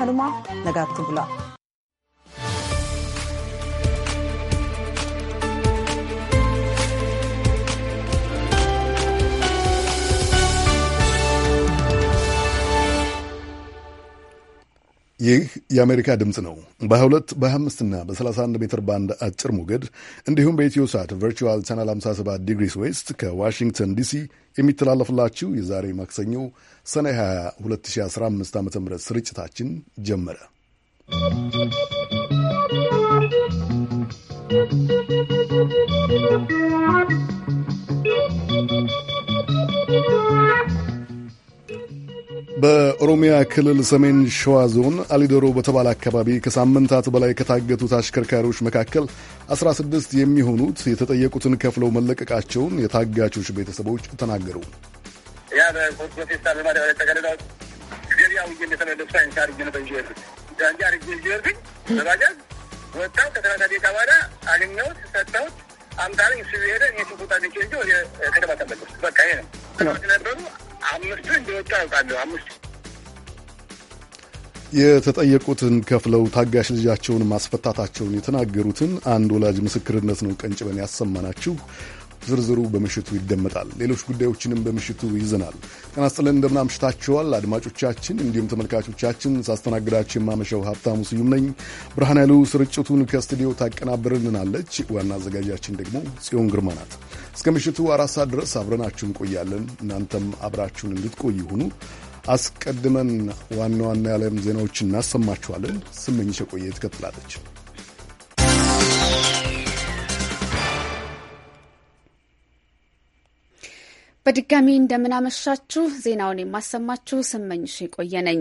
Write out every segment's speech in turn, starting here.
ከልማ ነጋቱ ብሏል። ይህ የአሜሪካ ድምፅ ነው። በ22 በ25 እና በ31 ሜትር ባንድ አጭር ሞገድ እንዲሁም በኢትዮ ሳት ቨርቹዋል ቻናል 57 ዲግሪስ ዌስት ከዋሽንግተን ዲሲ የሚተላለፍላችሁ የዛሬ ማክሰኞ ሰኔ 20 2015 ዓ ም ስርጭታችን ጀመረ። ¶¶ በኦሮሚያ ክልል ሰሜን ሸዋ ዞን አሊዶሮ በተባለ አካባቢ ከሳምንታት በላይ ከታገቱት አሽከርካሪዎች መካከል 16 የሚሆኑት የተጠየቁትን ከፍለው መለቀቃቸውን የታጋቾች ቤተሰቦች ተናገሩ። ወጣው ከተራታ ደቂቃ በኋላ አገኘሁት ሰጠሁት አምታለኝ እሱ ሄደ እኔ ስንቁጣ ገጭ እንጂ ወደ ከተማ ተመለሱ። በቃ ይሄ ነው ነበሩ። አምስቱ እንደወጡ ያውቃለሁ አምስቱ የተጠየቁትን ከፍለው ታጋሽ ልጃቸውን ማስፈታታቸውን የተናገሩትን አንድ ወላጅ ምስክርነት ነው ቀንጭበን ያሰማናችሁ። ዝርዝሩ በምሽቱ ይደመጣል። ሌሎች ጉዳዮችንም በምሽቱ ይዘናል። ጤና ይስጥልን፣ አምሽታችኋል አድማጮቻችን፣ እንዲሁም ተመልካቾቻችን። ሳስተናግዳችሁ የማመሸው ሀብታሙ ስዩም ነኝ። ብርሃን ያሉ ስርጭቱን ከስቱዲዮ ታቀናብርልናለች። ዋና አዘጋጃችን ደግሞ ጽዮን ግርማ ናት። እስከ ምሽቱ አራት ሰዓት ድረስ አብረናችሁ እንቆያለን። እናንተም አብራችሁን እንድትቆይ ሁኑ። አስቀድመን ዋና ዋና የዓለም ዜናዎች እናሰማችኋለን። ስመኝሽ ቆየ ትከትላለች። በድጋሚ እንደምናመሻችሁ ዜናውን የማሰማችሁ ስመኝሽ የቆየ ነኝ።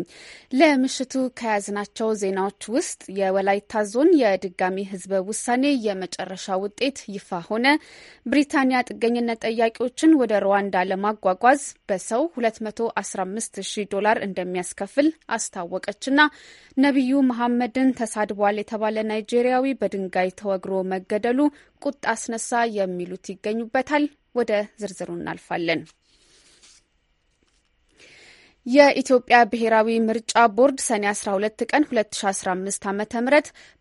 ለምሽቱ ከያዝናቸው ዜናዎች ውስጥ የወላይታ ዞን የድጋሚ ህዝበ ውሳኔ የመጨረሻ ውጤት ይፋ ሆነ፣ ብሪታንያ ጥገኝነት ጠያቂዎችን ወደ ሩዋንዳ ለማጓጓዝ በሰው 215000 ዶላር እንደሚያስከፍል አስታወቀችና ነቢዩ መሐመድን ተሳድቧል የተባለ ናይጄሪያዊ በድንጋይ ተወግሮ መገደሉ ቁጣ አስነሳ የሚሉት ይገኙበታል። ወደ ዝርዝሩ እናልፋለን። የኢትዮጵያ ብሔራዊ ምርጫ ቦርድ ሰኔ 12 ቀን 2015 ዓ ም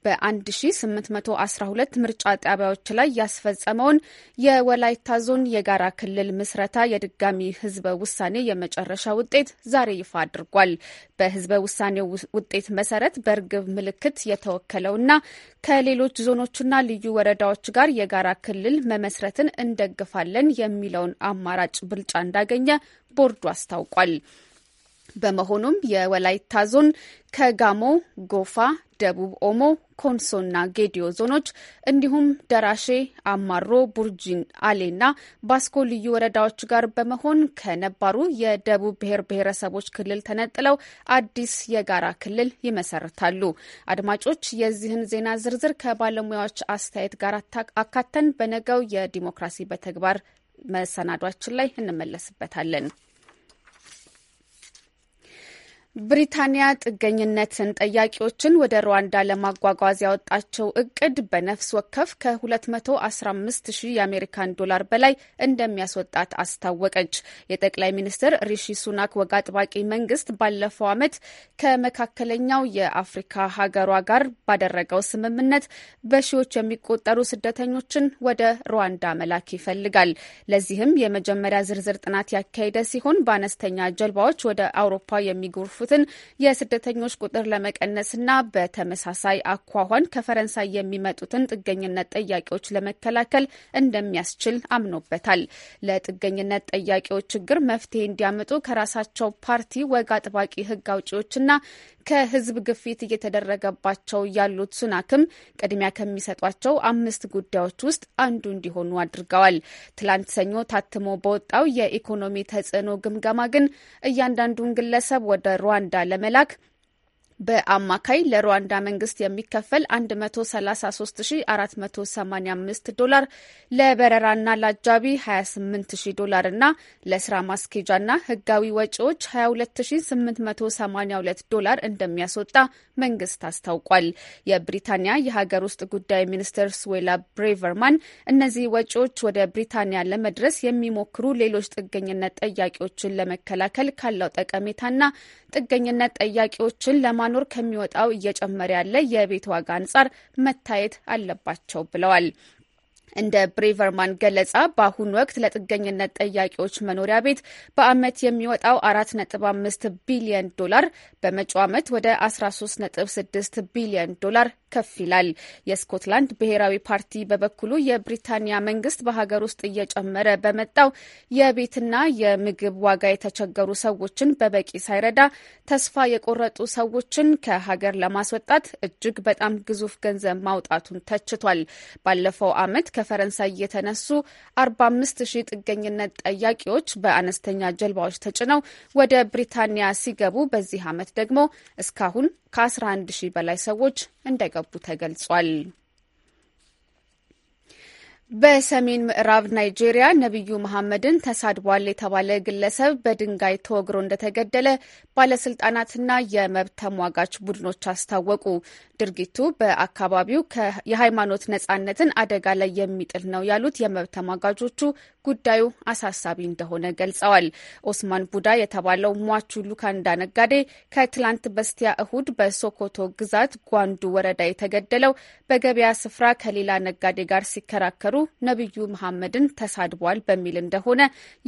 በ1812 ምርጫ ጣቢያዎች ላይ ያስፈጸመውን የወላይታ ዞን የጋራ ክልል ምስረታ የድጋሚ ህዝበ ውሳኔ የመጨረሻ ውጤት ዛሬ ይፋ አድርጓል። በህዝበ ውሳኔው ውጤት መሰረት በእርግብ ምልክት የተወከለውና ከሌሎች ዞኖችና ልዩ ወረዳዎች ጋር የጋራ ክልል መመስረትን እንደግፋለን የሚለውን አማራጭ ብልጫ እንዳገኘ ቦርዱ አስታውቋል። በመሆኑም የወላይታ ዞን ከጋሞ፣ ጎፋ፣ ደቡብ ኦሞ፣ ኮንሶና ጌዲዮ ዞኖች እንዲሁም ደራሼ፣ አማሮ፣ ቡርጂን፣ አሌና ባስኮ ልዩ ወረዳዎች ጋር በመሆን ከነባሩ የደቡብ ብሔር ብሔረሰቦች ክልል ተነጥለው አዲስ የጋራ ክልል ይመሰርታሉ። አድማጮች የዚህን ዜና ዝርዝር ከባለሙያዎች አስተያየት ጋር አካተን በነገው የዲሞክራሲ በተግባር መሰናዷችን ላይ እንመለስበታለን። ብሪታንያ ጥገኝነትን ጠያቂዎችን ወደ ሩዋንዳ ለማጓጓዝ ያወጣቸው እቅድ በነፍስ ወከፍ ከ215 ሺህ የአሜሪካን ዶላር በላይ እንደሚያስወጣት አስታወቀች። የጠቅላይ ሚኒስትር ሪሺ ሱናክ ወግ አጥባቂ መንግስት ባለፈው ዓመት ከመካከለኛው የአፍሪካ ሀገሯ ጋር ባደረገው ስምምነት በሺዎች የሚቆጠሩ ስደተኞችን ወደ ሩዋንዳ መላክ ይፈልጋል። ለዚህም የመጀመሪያ ዝርዝር ጥናት ያካሄደ ሲሆን በአነስተኛ ጀልባዎች ወደ አውሮፓ የሚጎርፉ የሚመጡትን የስደተኞች ቁጥር ለመቀነስና በተመሳሳይ አኳኋን ከፈረንሳይ የሚመጡትን ጥገኝነት ጠያቂዎች ለመከላከል እንደሚያስችል አምኖበታል። ለጥገኝነት ጠያቂዎች ችግር መፍትሄ እንዲያመጡ ከራሳቸው ፓርቲ ወግ አጥባቂ ህግ አውጪዎችና ከህዝብ ግፊት እየተደረገባቸው ያሉት ሱናክም ቅድሚያ ከሚሰጧቸው አምስት ጉዳዮች ውስጥ አንዱ እንዲሆኑ አድርገዋል። ትላንት ሰኞ ታትሞ በወጣው የኢኮኖሚ ተጽዕኖ ግምገማ ግን እያንዳንዱን ግለሰብ ወደ ሩዋንዳ ለመላክ በአማካይ ለሩዋንዳ መንግስት የሚከፈል 133485 ዶላር ለበረራና ለአጃቢ 28000 ዶላር እና ለስራ ማስኬጃና ህጋዊ ወጪዎች 22882 ዶላር እንደሚያስወጣ መንግስት አስታውቋል። የብሪታንያ የሀገር ውስጥ ጉዳይ ሚኒስትር ስዌላ ብሬቨርማን እነዚህ ወጪዎች ወደ ብሪታንያ ለመድረስ የሚሞክሩ ሌሎች ጥገኝነት ጠያቂዎችን ለመከላከል ካለው ጠቀሜታና ጥገኝነት ጠያቂዎችን ለማ ለማኖር ከሚወጣው እየጨመረ ያለ የቤት ዋጋ አንጻር መታየት አለባቸው ብለዋል። እንደ ብሬቨርማን ገለጻ በአሁኑ ወቅት ለጥገኝነት ጠያቂዎች መኖሪያ ቤት በአመት የሚወጣው አራት ነጥብ አምስት ቢሊየን ዶላር በመጪው ዓመት ወደ አስራ ሶስት ነጥብ ስድስት ቢሊየን ዶላር ከፍ ይላል። የስኮትላንድ ብሔራዊ ፓርቲ በበኩሉ የብሪታንያ መንግስት በሀገር ውስጥ እየጨመረ በመጣው የቤትና የምግብ ዋጋ የተቸገሩ ሰዎችን በበቂ ሳይረዳ ተስፋ የቆረጡ ሰዎችን ከሀገር ለማስወጣት እጅግ በጣም ግዙፍ ገንዘብ ማውጣቱን ተችቷል። ባለፈው ዓመት ከፈረንሳይ የተነሱ 45 ሺህ ጥገኝነት ጠያቂዎች በአነስተኛ ጀልባዎች ተጭነው ወደ ብሪታንያ ሲገቡ በዚህ ዓመት ደግሞ እስካሁን ከ11 ሺህ በላይ ሰዎች እንደገቡ ተገልጿል። በሰሜን ምዕራብ ናይጄሪያ ነቢዩ መሐመድን ተሳድቧል የተባለ ግለሰብ በድንጋይ ተወግሮ እንደተገደለ ባለስልጣናትና የመብት ተሟጋች ቡድኖች አስታወቁ። ድርጊቱ በአካባቢው የሃይማኖት ነጻነትን አደጋ ላይ የሚጥል ነው ያሉት የመብት ተሟጋቾቹ ጉዳዩ አሳሳቢ እንደሆነ ገልጸዋል። ኦስማን ቡዳ የተባለው ሟቹ ሉካንዳ ነጋዴ ከትላንት በስቲያ እሁድ በሶኮቶ ግዛት ጓንዱ ወረዳ የተገደለው በገበያ ስፍራ ከሌላ ነጋዴ ጋር ሲከራከሩ ነቢዩ መሐመድን ተሳድቧል በሚል እንደሆነ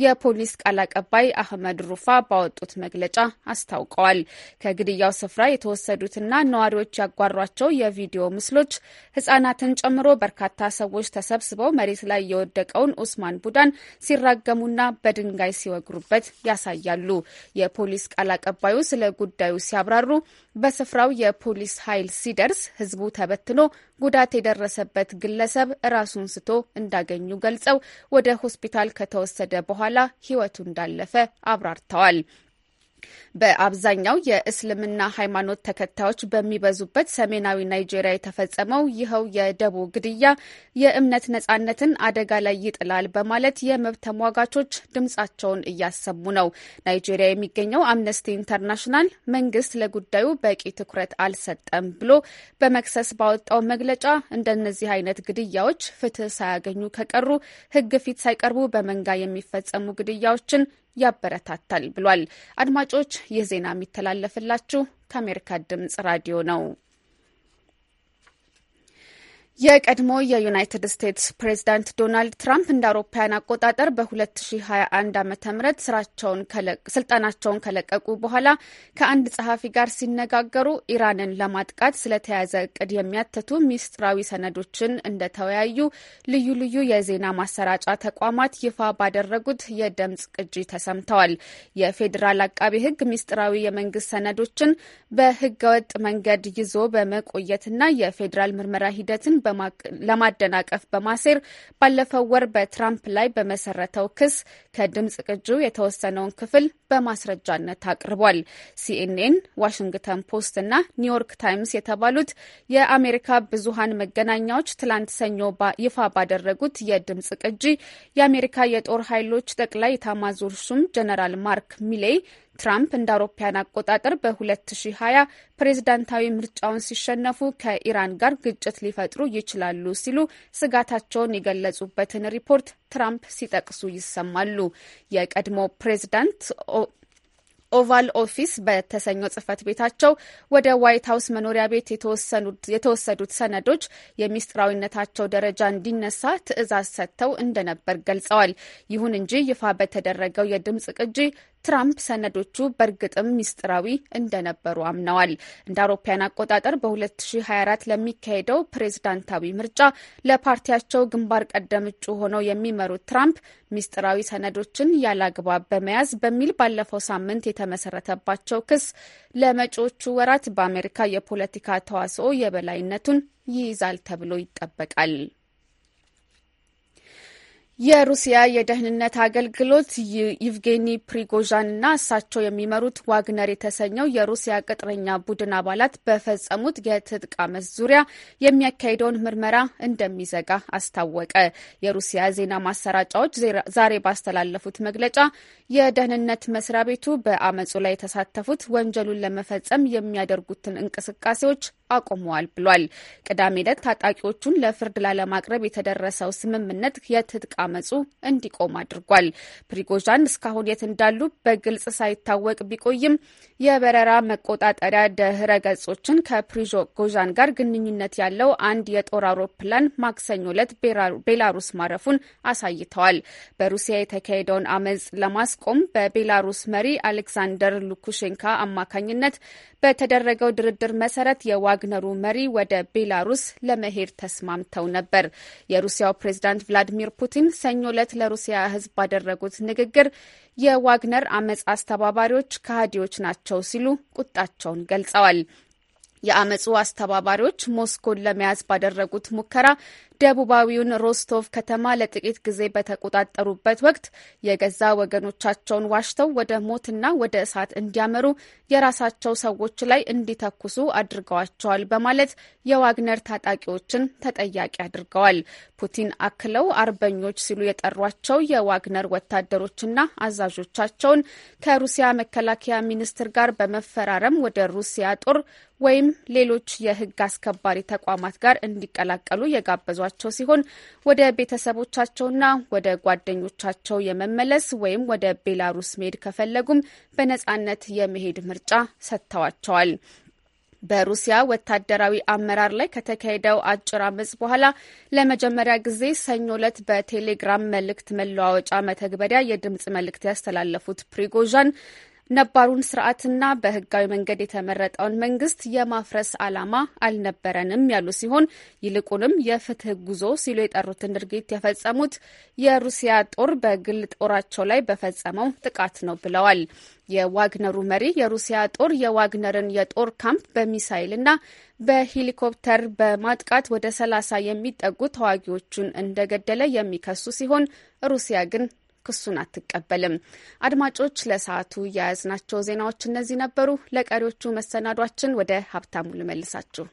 የፖሊስ ቃል አቀባይ አህመድ ሩፋ ባወጡት መግለጫ አስታውቀዋል። ከግድያው ስፍራ የተወሰዱትና ነዋሪዎች ያጓሯቸው የቪዲዮ ምስሎች ህጻናትን ጨምሮ በርካታ ሰዎች ተሰብስበው መሬት ላይ የወደቀውን ኡስማን ቡዳን ሰዎችን ሲራገሙና በድንጋይ ሲወግሩበት ያሳያሉ። የፖሊስ ቃል አቀባዩ ስለ ጉዳዩ ሲያብራሩ በስፍራው የፖሊስ ኃይል ሲደርስ ህዝቡ ተበትኖ ጉዳት የደረሰበት ግለሰብ ራሱን ስቶ እንዳገኙ ገልጸው ወደ ሆስፒታል ከተወሰደ በኋላ ህይወቱ እንዳለፈ አብራርተዋል። በአብዛኛው የእስልምና ሃይማኖት ተከታዮች በሚበዙበት ሰሜናዊ ናይጄሪያ የተፈጸመው ይኸው የደቦ ግድያ የእምነት ነጻነትን አደጋ ላይ ይጥላል በማለት የመብት ተሟጋቾች ድምጻቸውን እያሰሙ ነው። ናይጄሪያ የሚገኘው አምነስቲ ኢንተርናሽናል መንግስት ለጉዳዩ በቂ ትኩረት አልሰጠም ብሎ በመክሰስ ባወጣው መግለጫ እንደነዚህ አይነት ግድያዎች ፍትህ ሳያገኙ ከቀሩ ህግ ፊት ሳይቀርቡ በመንጋ የሚፈጸሙ ግድያዎችን ያበረታታል ብሏል። አድማጮች ይህ ዜና የሚተላለፍላችሁ ከአሜሪካ ድምጽ ራዲዮ ነው። የቀድሞ የዩናይትድ ስቴትስ ፕሬዚዳንት ዶናልድ ትራምፕ እንደ አውሮፓውያን አቆጣጠር በ2021 ዓ ም ስልጣናቸውን ከለቀቁ በኋላ ከአንድ ጸሐፊ ጋር ሲነጋገሩ ኢራንን ለማጥቃት ስለተያዘ እቅድ የሚያትቱ ሚስጥራዊ ሰነዶችን እንደተወያዩ ልዩ ልዩ የዜና ማሰራጫ ተቋማት ይፋ ባደረጉት የድምፅ ቅጂ ተሰምተዋል። የፌዴራል አቃቢ ህግ ሚስጥራዊ የመንግስት ሰነዶችን በህገወጥ መንገድ ይዞ በመቆየትና የፌዴራል ምርመራ ሂደትን ለማደናቀፍ በማሴር ባለፈው ወር በትራምፕ ላይ በመሰረተው ክስ ከድምፅ ቅጁ የተወሰነውን ክፍል በማስረጃነት አቅርቧል። ሲኤንኤን፣ ዋሽንግተን ፖስት እና ኒውዮርክ ታይምስ የተባሉት የአሜሪካ ብዙሃን መገናኛዎች ትላንት ሰኞ ይፋ ባደረጉት የድምፅ ቅጂ የአሜሪካ የጦር ኃይሎች ጠቅላይ ኤታማዦር ሹም ጀነራል ማርክ ሚሌይ ትራምፕ እንደ አውሮፓያን አቆጣጠር በ2020 ፕሬዝዳንታዊ ምርጫውን ሲሸነፉ ከኢራን ጋር ግጭት ሊፈጥሩ ይችላሉ ሲሉ ስጋታቸውን የገለጹበትን ሪፖርት ትራምፕ ሲጠቅሱ ይሰማሉ። የቀድሞ ፕሬዝዳንት ኦቫል ኦፊስ በተሰኘው ጽህፈት ቤታቸው ወደ ዋይት ሀውስ መኖሪያ ቤት የተወሰዱት ሰነዶች የሚስጥራዊነታቸው ደረጃ እንዲነሳ ትዕዛዝ ሰጥተው እንደነበር ገልጸዋል። ይሁን እንጂ ይፋ በተደረገው የድምፅ ቅጂ ትራምፕ ሰነዶቹ በእርግጥም ሚስጥራዊ እንደነበሩ አምነዋል። እንደ አውሮፓያን አቆጣጠር በ2024 ለሚካሄደው ፕሬዝዳንታዊ ምርጫ ለፓርቲያቸው ግንባር ቀደም እጩ ሆነው የሚመሩት ትራምፕ ሚስጥራዊ ሰነዶችን ያላግባብ በመያዝ በሚል ባለፈው ሳምንት የተመሰረተባቸው ክስ ለመጪዎቹ ወራት በአሜሪካ የፖለቲካ ተዋስኦ የበላይነቱን ይይዛል ተብሎ ይጠበቃል። የሩሲያ የደህንነት አገልግሎት ይቭጌኒ እና እሳቸው የሚመሩት ዋግነር የተሰኘው የሩሲያ ቅጥረኛ ቡድን አባላት በፈጸሙት የትጥቅ አመፅ ዙሪያ የሚያካሂደውን ምርመራ እንደሚዘጋ አስታወቀ። የሩሲያ ዜና ማሰራጫዎች ዛሬ ባስተላለፉት መግለጫ የደህንነት መስሪያ ቤቱ በአመፁ ላይ የተሳተፉት ወንጀሉን ለመፈጸም የሚያደርጉትን እንቅስቃሴዎች አቁመዋል ብሏል። ቅዳሜ ዕለት ታጣቂዎቹን ለፍርድ ላለማቅረብ የተደረሰው ስምምነት የትጥቅ አመፁ እንዲቆም አድርጓል። ፕሪጎዣን እስካሁን የት እንዳሉ በግልጽ ሳይታወቅ ቢቆይም የበረራ መቆጣጠሪያ ድህረ ገጾችን ከፕሪጎዣን ጋር ግንኙነት ያለው አንድ የጦር አውሮፕላን ማክሰኞ ዕለት ቤላሩስ ማረፉን አሳይተዋል። በሩሲያ የተካሄደውን አመፅ ለማስቆም በቤላሩስ መሪ አሌክሳንደር ሉካሼንካ አማካኝነት በተደረገው ድርድር መሰረት የዋ የዋግነሩ መሪ ወደ ቤላሩስ ለመሄድ ተስማምተው ነበር። የሩሲያው ፕሬዝዳንት ቭላዲሚር ፑቲን ሰኞ ዕለት ለሩሲያ ሕዝብ ባደረጉት ንግግር የዋግነር አመፅ አስተባባሪዎች ከሃዲዎች ናቸው ሲሉ ቁጣቸውን ገልጸዋል። የአመፁ አስተባባሪዎች ሞስኮን ለመያዝ ባደረጉት ሙከራ ደቡባዊውን ሮስቶቭ ከተማ ለጥቂት ጊዜ በተቆጣጠሩበት ወቅት የገዛ ወገኖቻቸውን ዋሽተው ወደ ሞትና ወደ እሳት እንዲያመሩ የራሳቸው ሰዎች ላይ እንዲተኩሱ አድርገዋቸዋል በማለት የዋግነር ታጣቂዎችን ተጠያቂ አድርገዋል። ፑቲን አክለው አርበኞች ሲሉ የጠሯቸው የዋግነር ወታደሮችና አዛዦቻቸውን ከሩሲያ መከላከያ ሚኒስትር ጋር በመፈራረም ወደ ሩሲያ ጦር ወይም ሌሎች የሕግ አስከባሪ ተቋማት ጋር እንዲቀላቀሉ የጋበዟቸው ያለባቸው ሲሆን ወደ ቤተሰቦቻቸውና ወደ ጓደኞቻቸው የመመለስ ወይም ወደ ቤላሩስ መሄድ ከፈለጉም በነጻነት የመሄድ ምርጫ ሰጥተዋቸዋል። በሩሲያ ወታደራዊ አመራር ላይ ከተካሄደው አጭር አመፅ በኋላ ለመጀመሪያ ጊዜ ሰኞ ዕለት በቴሌግራም መልእክት መለዋወጫ መተግበሪያ የድምፅ መልእክት ያስተላለፉት ፕሪጎዣን ነባሩን ስርዓትና በህጋዊ መንገድ የተመረጠውን መንግስት የማፍረስ ዓላማ አልነበረንም ያሉ ሲሆን ይልቁንም የፍትህ ጉዞ ሲሉ የጠሩትን ድርጊት የፈጸሙት የሩሲያ ጦር በግል ጦራቸው ላይ በፈጸመው ጥቃት ነው ብለዋል። የዋግነሩ መሪ የሩሲያ ጦር የዋግነርን የጦር ካምፕ በሚሳይልና በሄሊኮፕተር በማጥቃት ወደ ሰላሳ የሚጠጉ ተዋጊዎቹን እንደገደለ የሚከሱ ሲሆን ሩሲያ ግን ክሱን አትቀበልም። አድማጮች ለሰዓቱ የያዝናቸው ዜናዎች እነዚህ ነበሩ። ለቀሪዎቹ መሰናዷችን ወደ ሀብታሙ ልመልሳችሁ።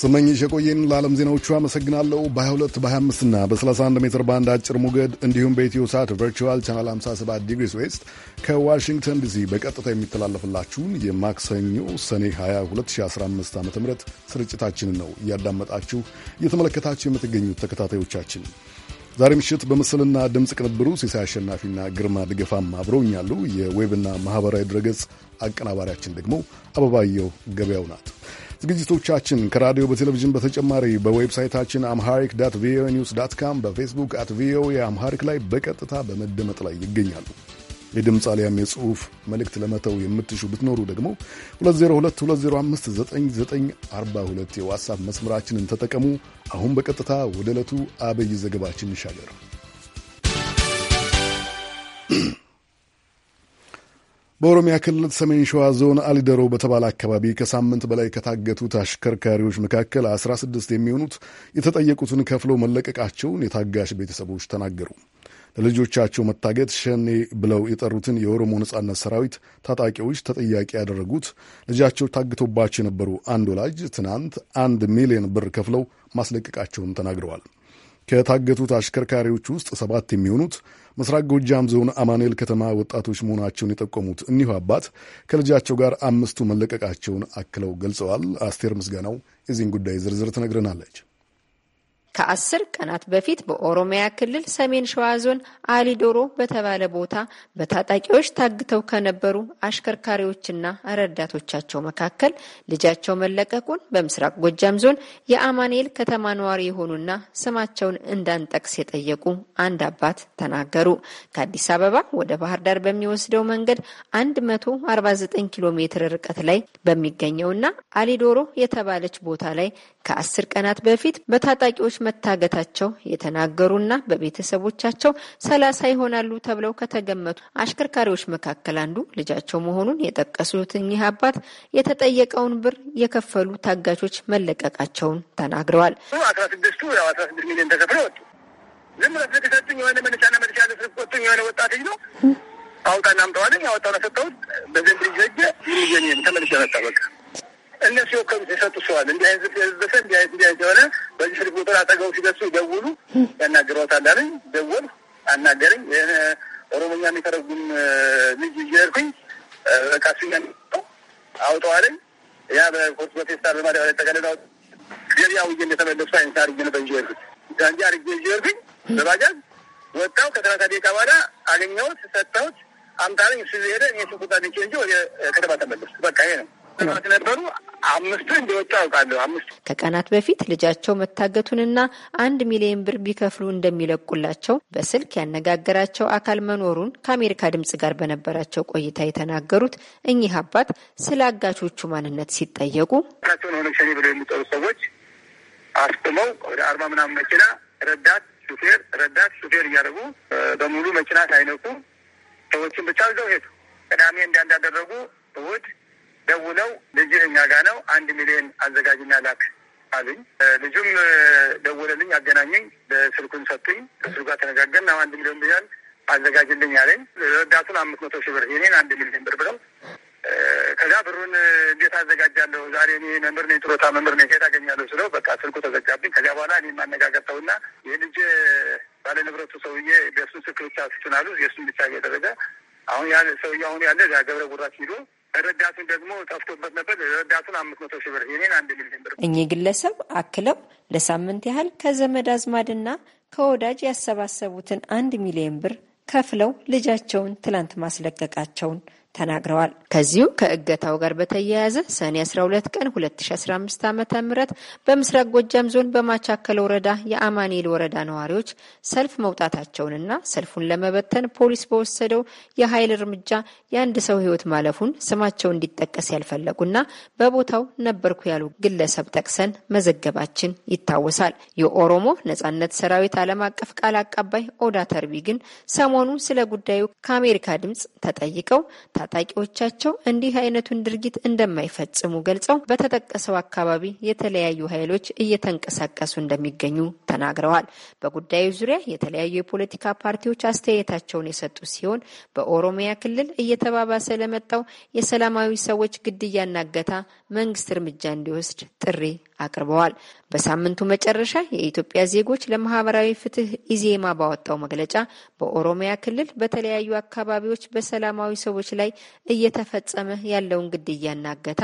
ስመኝሽ የቆየን ለዓለም ዜናዎቹ አመሰግናለሁ። በ22 በ25 እና በ31 ሜትር ባንድ አጭር ሞገድ እንዲሁም በኢትዮ ሳት ቨርቹዋል ቻናል 57 ዲግሪስ ዌስት ከዋሽንግተን ዲሲ በቀጥታ የሚተላለፍላችሁን የማክሰኞ ሰኔ 20 2015 ዓ ም ስርጭታችንን ነው እያዳመጣችሁ እየተመለከታችሁ የምትገኙት ተከታታዮቻችን። ዛሬ ምሽት በምስልና ድምፅ ቅንብሩ ሲሳይ አሸናፊና ግርማ ድገፋም አብረውኛሉ። የዌብና ማኅበራዊ ድረገጽ አቀናባሪያችን ደግሞ አበባየው ገበያው ናት። ዝግጅቶቻችን ከራዲዮ በቴሌቪዥን በተጨማሪ በዌብሳይታችን አምሃሪክ ዳት ቪኦኤ ኒውስ ዳት ካም በፌስቡክ አት ቪኦኤ አምሃሪክ ላይ በቀጥታ በመደመጥ ላይ ይገኛሉ። የድምፅ አሊያም የጽሑፍ መልእክት ለመተው የምትሹ ብትኖሩ ደግሞ 2022059942 የዋትሳፕ መስመራችንን ተጠቀሙ። አሁን በቀጥታ ወደ ዕለቱ አበይ ዘገባችን ይሻገር። በኦሮሚያ ክልል ሰሜን ሸዋ ዞን አሊደሮ በተባለ አካባቢ ከሳምንት በላይ ከታገቱት አሽከርካሪዎች መካከል 16 የሚሆኑት የተጠየቁትን ከፍለው መለቀቃቸውን የታጋሽ ቤተሰቦች ተናገሩ። ለልጆቻቸው መታገት ሸኔ ብለው የጠሩትን የኦሮሞ ነጻነት ሰራዊት ታጣቂዎች ተጠያቂ ያደረጉት ልጃቸው ታግቶባቸው የነበሩ አንድ ወላጅ ትናንት አንድ ሚሊዮን ብር ከፍለው ማስለቀቃቸውን ተናግረዋል። ከታገቱት አሽከርካሪዎች ውስጥ ሰባት የሚሆኑት ምስራቅ ጎጃም ዞን አማኑኤል ከተማ ወጣቶች መሆናቸውን የጠቆሙት እኒሁ አባት ከልጃቸው ጋር አምስቱ መለቀቃቸውን አክለው ገልጸዋል። አስቴር ምስጋናው የዚህን ጉዳይ ዝርዝር ትነግረናለች። ከአስር ቀናት በፊት በኦሮሚያ ክልል ሰሜን ሸዋ ዞን አሊዶሮ በተባለ ቦታ በታጣቂዎች ታግተው ከነበሩ አሽከርካሪዎችና ረዳቶቻቸው መካከል ልጃቸው መለቀቁን በምስራቅ ጎጃም ዞን የአማኑኤል ከተማ ነዋሪ የሆኑና ስማቸውን እንዳንጠቅስ የጠየቁ አንድ አባት ተናገሩ። ከአዲስ አበባ ወደ ባህር ዳር በሚወስደው መንገድ 149 ኪሎ ሜትር ርቀት ላይ በሚገኘውና አሊዶሮ የተባለች ቦታ ላይ ከአስር ቀናት በፊት በታጣቂዎች መታገታቸው የተናገሩና በቤተሰቦቻቸው ሰላሳ ይሆናሉ ተብለው ከተገመቱ አሽከርካሪዎች መካከል አንዱ ልጃቸው መሆኑን የጠቀሱት እኚህ አባት የተጠየቀውን ብር የከፈሉ ታጋቾች መለቀቃቸውን ተናግረዋል። አስራ ስድስቱ ያው አስራ ስድስት ሚሊዮን ወጡ። ዝም ስለተሰጡኝ የሆነ የሆነ ወጣት ነው አውጣና ሰጠሁት። በዘንድ ልጅ ሄጄ ተመልሼ መጣ በቃ እነሱ የወከሉት የሰጡ ሰዋል እንዲህ አይነት በሰ እንዲህ አይነት እንዲህ አይነት የሆነ በዚህ ስልክ ቁጥር አጠገቡ ሲደርሱ ይደውሉ ያናግረውታል አለኝ። አናገረኝ። ኦሮሞኛ የሚተረጉም ልጅ እየሄድኩኝ በቃ እሱኛ አውጠዋለኝ። ያ በኮርስ በፌስታል በማዳበሪያ ተቀለላ ገበያ ውዬ እንደተመለሱ አይነት አርጌ ነበር እንጂ ሄድኩኝ አርጌ እንጂ በባጃጅ ወጣሁ። ከሰላሳ ደቂቃ በኋላ አገኘሁት፣ ሰጠሁት፣ አምጣለኝ። እሱ ሄደ። እኔ ስንቁጣ እንጂ ወደ ከተማ በቃ ይሄ ነው። ነበሩ አምስቱ እንደወጡ አውቃለሁ። አምስቱ ከቀናት በፊት ልጃቸው መታገቱንና አንድ ሚሊዮን ብር ቢከፍሉ እንደሚለቁላቸው በስልክ ያነጋገራቸው አካል መኖሩን ከአሜሪካ ድምጽ ጋር በነበራቸው ቆይታ የተናገሩት እኚህ አባት ስለ አጋቾቹ ማንነት ሲጠየቁ ቸውን ሆነ ሸኔ ብለው የሚጠሩ ሰዎች አስጥመው ወደ አርባ ምናምን መኪና ረዳት ሹፌር ረዳት ሹፌር እያደረጉ በሙሉ መኪና ሳይነቁ ሰዎችን ብቻ ይዘው ሄዱ። ቅዳሜ እንዳንዳደረጉ እሑድ ደውለው ልጅ እኛ ጋ ነው አንድ ሚሊዮን አዘጋጅና ላክ አሉኝ። ልጁም ደውለልኝ፣ አገናኘኝ፣ በስልኩን ሰጡኝ። ከስልኩ ጋር ተነጋገርን። አንድ ሚሊዮን ብያል አዘጋጅልኝ አለኝ። ረዳቱን አምስት መቶ ሺህ ብር የኔን አንድ ሚሊዮን ብር ብለው ከዛ ብሩን እንዴት አዘጋጃለሁ? ዛሬ እኔ መምህር ነኝ፣ ጥሮታ መምህር ነኝ፣ ከየት አገኛለሁ ስለው በቃ ስልኩ ተዘጋብኝ። ከዚያ በኋላ እኔ ማነጋገር ተውና የልጅ ባለ ንብረቱ ሰውዬ የእሱን ስልክ ብቻ ስጡን አሉ። የእሱን ብቻ እየደረገ አሁን ያ ሰውዬ አሁን ያለ ገብረ ጉራት ሂዶ ረዳቱን ደግሞ ጠፍቶበት ነበር። ረዳቱን አምስት መቶ ሺህ ብር የኔን አንድ ሚሊዮን ብር። እኚህ ግለሰብ አክለው ለሳምንት ያህል ከዘመድ አዝማድና ከወዳጅ ያሰባሰቡትን አንድ ሚሊዮን ብር ከፍለው ልጃቸውን ትላንት ማስለቀቃቸውን ተናግረዋል። ከዚሁ ከእገታው ጋር በተያያዘ ሰኔ 12 ቀን 2015 ዓ ም በምስራቅ ጎጃም ዞን በማቻከል ወረዳ የአማኒል ወረዳ ነዋሪዎች ሰልፍ መውጣታቸውንና ሰልፉን ለመበተን ፖሊስ በወሰደው የኃይል እርምጃ የአንድ ሰው ሕይወት ማለፉን ስማቸው እንዲጠቀስ ያልፈለጉና በቦታው ነበርኩ ያሉ ግለሰብ ጠቅሰን መዘገባችን ይታወሳል። የኦሮሞ ነጻነት ሰራዊት ዓለም አቀፍ ቃል አቀባይ ኦዳ ተርቢ ግን ሰሞኑ ስለ ጉዳዩ ከአሜሪካ ድምጽ ተጠይቀው ታጣቂዎቻቸው እንዲህ አይነቱን ድርጊት እንደማይፈጽሙ ገልጸው በተጠቀሰው አካባቢ የተለያዩ ኃይሎች እየተንቀሳቀሱ እንደሚገኙ ተናግረዋል። በጉዳዩ ዙሪያ የተለያዩ የፖለቲካ ፓርቲዎች አስተያየታቸውን የሰጡ ሲሆን በኦሮሚያ ክልል እየተባባሰ ለመጣው የሰላማዊ ሰዎች ግድያና እገታ መንግስት እርምጃ እንዲወስድ ጥሪ አቅርበዋል። በሳምንቱ መጨረሻ የኢትዮጵያ ዜጎች ለማህበራዊ ፍትህ ኢዜማ ባወጣው መግለጫ በኦሮሚያ ክልል በተለያዩ አካባቢዎች በሰላማዊ ሰዎች ላይ እየተፈጸመ ያለውን ግድያና እገታ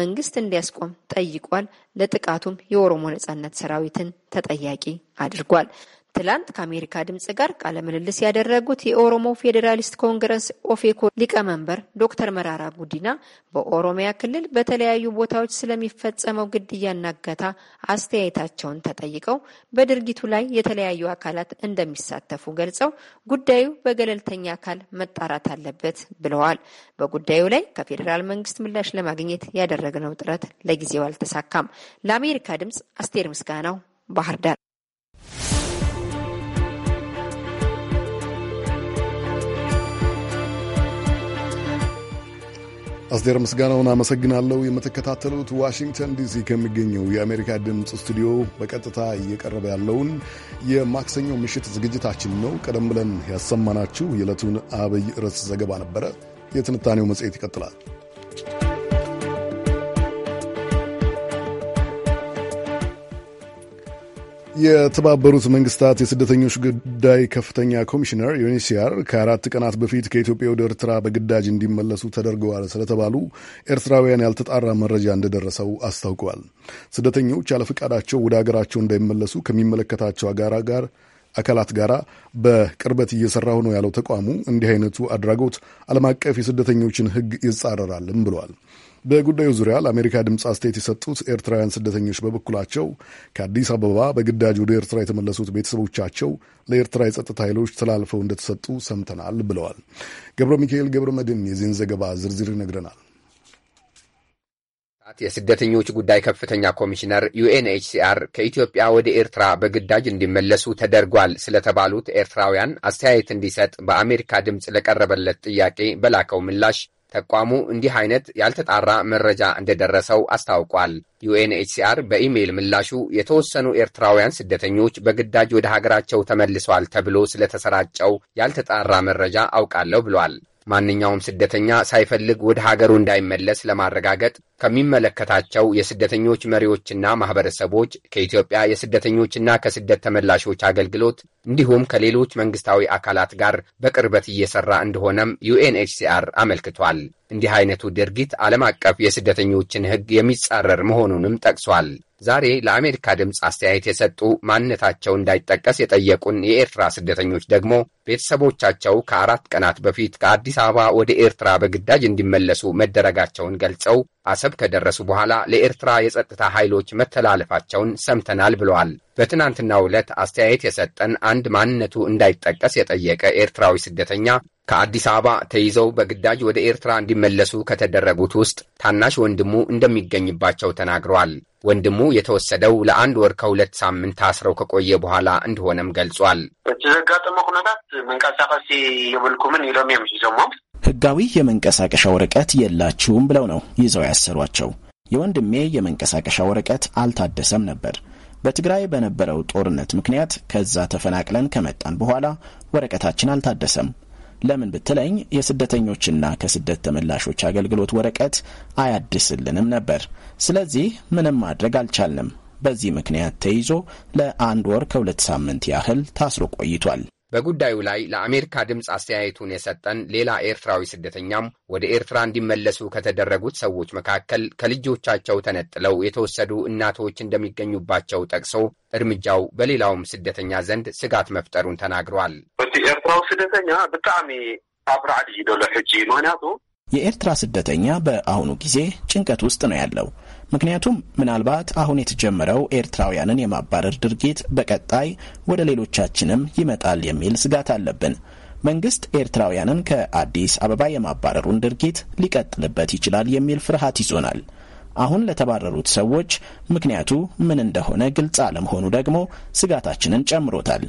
መንግስት እንዲያስቆም ጠይቋል። ለጥቃቱም የኦሮሞ ነጻነት ሰራዊትን ተጠያቂ አድርጓል። ትላንት ከአሜሪካ ድምጽ ጋር ቃለ ምልልስ ያደረጉት የኦሮሞ ፌዴራሊስት ኮንግረስ ኦፌኮ ሊቀመንበር ዶክተር መራራ ጉዲና በኦሮሚያ ክልል በተለያዩ ቦታዎች ስለሚፈጸመው ግድያና እገታ አስተያየታቸውን ተጠይቀው በድርጊቱ ላይ የተለያዩ አካላት እንደሚሳተፉ ገልጸው ጉዳዩ በገለልተኛ አካል መጣራት አለበት ብለዋል። በጉዳዩ ላይ ከፌዴራል መንግስት ምላሽ ለማግኘት ያደረግነው ጥረት ለጊዜው አልተሳካም። ለአሜሪካ ድምጽ አስቴር ምስጋናው ባህር ዳር አስቴር ምስጋናውን አመሰግናለሁ። የምትከታተሉት ዋሽንግተን ዲሲ ከሚገኘው የአሜሪካ ድምፅ ስቱዲዮ በቀጥታ እየቀረበ ያለውን የማክሰኞ ምሽት ዝግጅታችን ነው። ቀደም ብለን ያሰማናችሁ የዕለቱን አብይ ርዕስ ዘገባ ነበረ። የትንታኔው መጽሔት ይቀጥላል። የተባበሩት መንግስታት የስደተኞች ጉዳይ ከፍተኛ ኮሚሽነር ዩኒሲያር ከአራት ቀናት በፊት ከኢትዮጵያ ወደ ኤርትራ በግዳጅ እንዲመለሱ ተደርገዋል ስለተባሉ ኤርትራውያን ያልተጣራ መረጃ እንደደረሰው አስታውቋል። ስደተኞች ያለፈቃዳቸው ወደ አገራቸው እንዳይመለሱ ከሚመለከታቸው አጋራ ጋር አካላት ጋር በቅርበት እየሰራሁ ነው ያለው ተቋሙ እንዲህ አይነቱ አድራጎት ዓለም አቀፍ የስደተኞችን ሕግ ይጻረራልም ብለዋል። በጉዳዩ ዙሪያ ለአሜሪካ ድምፅ አስተያየት የሰጡት ኤርትራውያን ስደተኞች በበኩላቸው ከአዲስ አበባ በግዳጅ ወደ ኤርትራ የተመለሱት ቤተሰቦቻቸው ለኤርትራ የጸጥታ ኃይሎች ተላልፈው እንደተሰጡ ሰምተናል ብለዋል። ገብረ ሚካኤል ገብረ መድን የዚህን ዘገባ ዝርዝር ይነግረናል። የስደተኞች ጉዳይ ከፍተኛ ኮሚሽነር ዩኤንኤችሲአር ከኢትዮጵያ ወደ ኤርትራ በግዳጅ እንዲመለሱ ተደርጓል ስለተባሉት ኤርትራውያን አስተያየት እንዲሰጥ በአሜሪካ ድምፅ ለቀረበለት ጥያቄ በላከው ምላሽ ተቋሙ እንዲህ አይነት ያልተጣራ መረጃ እንደደረሰው አስታውቋል። ዩኤንኤችሲአር በኢሜይል ምላሹ የተወሰኑ ኤርትራውያን ስደተኞች በግዳጅ ወደ ሀገራቸው ተመልሰዋል ተብሎ ስለተሰራጨው ያልተጣራ መረጃ አውቃለሁ ብሏል። ማንኛውም ስደተኛ ሳይፈልግ ወደ ሀገሩ እንዳይመለስ ለማረጋገጥ ከሚመለከታቸው የስደተኞች መሪዎችና ማህበረሰቦች ከኢትዮጵያ የስደተኞችና ከስደት ተመላሾች አገልግሎት እንዲሁም ከሌሎች መንግስታዊ አካላት ጋር በቅርበት እየሰራ እንደሆነም ዩኤንኤችሲአር አመልክቷል። እንዲህ አይነቱ ድርጊት ዓለም አቀፍ የስደተኞችን ሕግ የሚጻረር መሆኑንም ጠቅሷል። ዛሬ ለአሜሪካ ድምፅ አስተያየት የሰጡ ማንነታቸው እንዳይጠቀስ የጠየቁን የኤርትራ ስደተኞች ደግሞ ቤተሰቦቻቸው ከአራት ቀናት በፊት ከአዲስ አበባ ወደ ኤርትራ በግዳጅ እንዲመለሱ መደረጋቸውን ገልጸው አሰብ ከደረሱ በኋላ ለኤርትራ የጸጥታ ኃይሎች መተላለፋቸውን ሰምተናል ብለዋል። በትናንትናው ዕለት አስተያየት የሰጠን አንድ ማንነቱ እንዳይጠቀስ የጠየቀ ኤርትራዊ ስደተኛ ከአዲስ አበባ ተይዘው በግዳጅ ወደ ኤርትራ እንዲመለሱ ከተደረጉት ውስጥ ታናሽ ወንድሙ እንደሚገኝባቸው ተናግረዋል። ወንድሙ የተወሰደው ለአንድ ወር ከሁለት ሳምንት ታስረው ከቆየ በኋላ እንደሆነም ገልጿል። በተዘጋጠመ ሁነታት መንቀሳቀስ የብልኩምን ኢሎም እዮም ህጋዊ የመንቀሳቀሻ ወረቀት የላችሁም ብለው ነው ይዘው ያሰሯቸው። የወንድሜ የመንቀሳቀሻ ወረቀት አልታደሰም ነበር። በትግራይ በነበረው ጦርነት ምክንያት ከዛ ተፈናቅለን ከመጣን በኋላ ወረቀታችን አልታደሰም ለምን ብትለኝ የስደተኞችና ከስደት ተመላሾች አገልግሎት ወረቀት አያድስልንም ነበር። ስለዚህ ምንም ማድረግ አልቻልንም። በዚህ ምክንያት ተይዞ ለአንድ ወር ከሁለት ሳምንት ያህል ታስሮ ቆይቷል። በጉዳዩ ላይ ለአሜሪካ ድምፅ አስተያየቱን የሰጠን ሌላ ኤርትራዊ ስደተኛም ወደ ኤርትራ እንዲመለሱ ከተደረጉት ሰዎች መካከል ከልጆቻቸው ተነጥለው የተወሰዱ እናቶች እንደሚገኙባቸው ጠቅሶ እርምጃው በሌላውም ስደተኛ ዘንድ ስጋት መፍጠሩን ተናግሯል። እቲ ኤርትራዊ ስደተኛ ብጣዕሚ ኣብ ራዕዲ ሕጂ ምክንያቱ የኤርትራ ስደተኛ በአሁኑ ጊዜ ጭንቀት ውስጥ ነው ያለው ምክንያቱም ምናልባት አሁን የተጀመረው ኤርትራውያንን የማባረር ድርጊት በቀጣይ ወደ ሌሎቻችንም ይመጣል የሚል ስጋት አለብን። መንግስት ኤርትራውያንን ከአዲስ አበባ የማባረሩን ድርጊት ሊቀጥልበት ይችላል የሚል ፍርሃት ይዞናል። አሁን ለተባረሩት ሰዎች ምክንያቱ ምን እንደሆነ ግልጽ አለመሆኑ ደግሞ ስጋታችንን ጨምሮታል።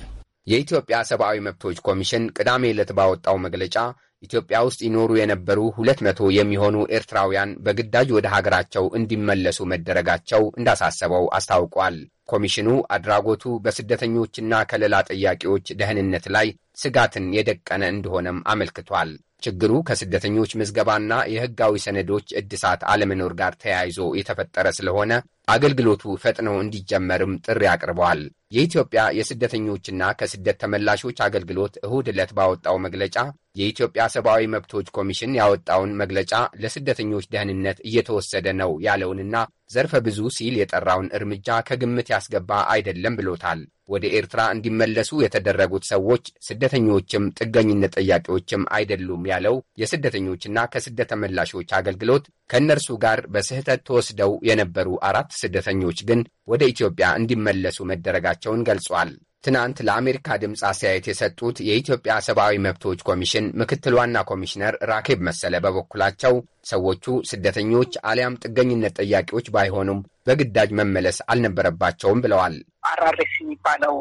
የኢትዮጵያ ሰብአዊ መብቶች ኮሚሽን ቅዳሜ ዕለት ባወጣው መግለጫ ኢትዮጵያ ውስጥ ይኖሩ የነበሩ ሁለት መቶ የሚሆኑ ኤርትራውያን በግዳጅ ወደ ሀገራቸው እንዲመለሱ መደረጋቸው እንዳሳሰበው አስታውቋል። ኮሚሽኑ አድራጎቱ በስደተኞችና ከለላ ጠያቂዎች ደህንነት ላይ ስጋትን የደቀነ እንደሆነም አመልክቷል። ችግሩ ከስደተኞች ምዝገባና የህጋዊ ሰነዶች እድሳት አለመኖር ጋር ተያይዞ የተፈጠረ ስለሆነ አገልግሎቱ ፈጥኖ እንዲጀመርም ጥሪ አቅርበዋል። የኢትዮጵያ የስደተኞችና ከስደት ተመላሾች አገልግሎት እሁድ ዕለት ባወጣው መግለጫ የኢትዮጵያ ሰብአዊ መብቶች ኮሚሽን ያወጣውን መግለጫ ለስደተኞች ደህንነት እየተወሰደ ነው ያለውንና ዘርፈ ብዙ ሲል የጠራውን እርምጃ ከግምት ያስገባ አይደለም ብሎታል። ወደ ኤርትራ እንዲመለሱ የተደረጉት ሰዎች ስደተኞችም ጥገኝነት ጠያቂዎችም አይደሉም ያለው የስደተኞችና ከስደት ተመላሾች አገልግሎት ከእነርሱ ጋር በስህተት ተወስደው የነበሩ አራት ስደተኞች ግን ወደ ኢትዮጵያ እንዲመለሱ መደረጋቸውን ገልጿል። ትናንት ለአሜሪካ ድምፅ አስተያየት የሰጡት የኢትዮጵያ ሰብአዊ መብቶች ኮሚሽን ምክትል ዋና ኮሚሽነር ራኬብ መሰለ በበኩላቸው ሰዎቹ ስደተኞች አሊያም ጥገኝነት ጠያቂዎች ባይሆኑም በግዳጅ መመለስ አልነበረባቸውም ብለዋል። አራሬስ የሚባለው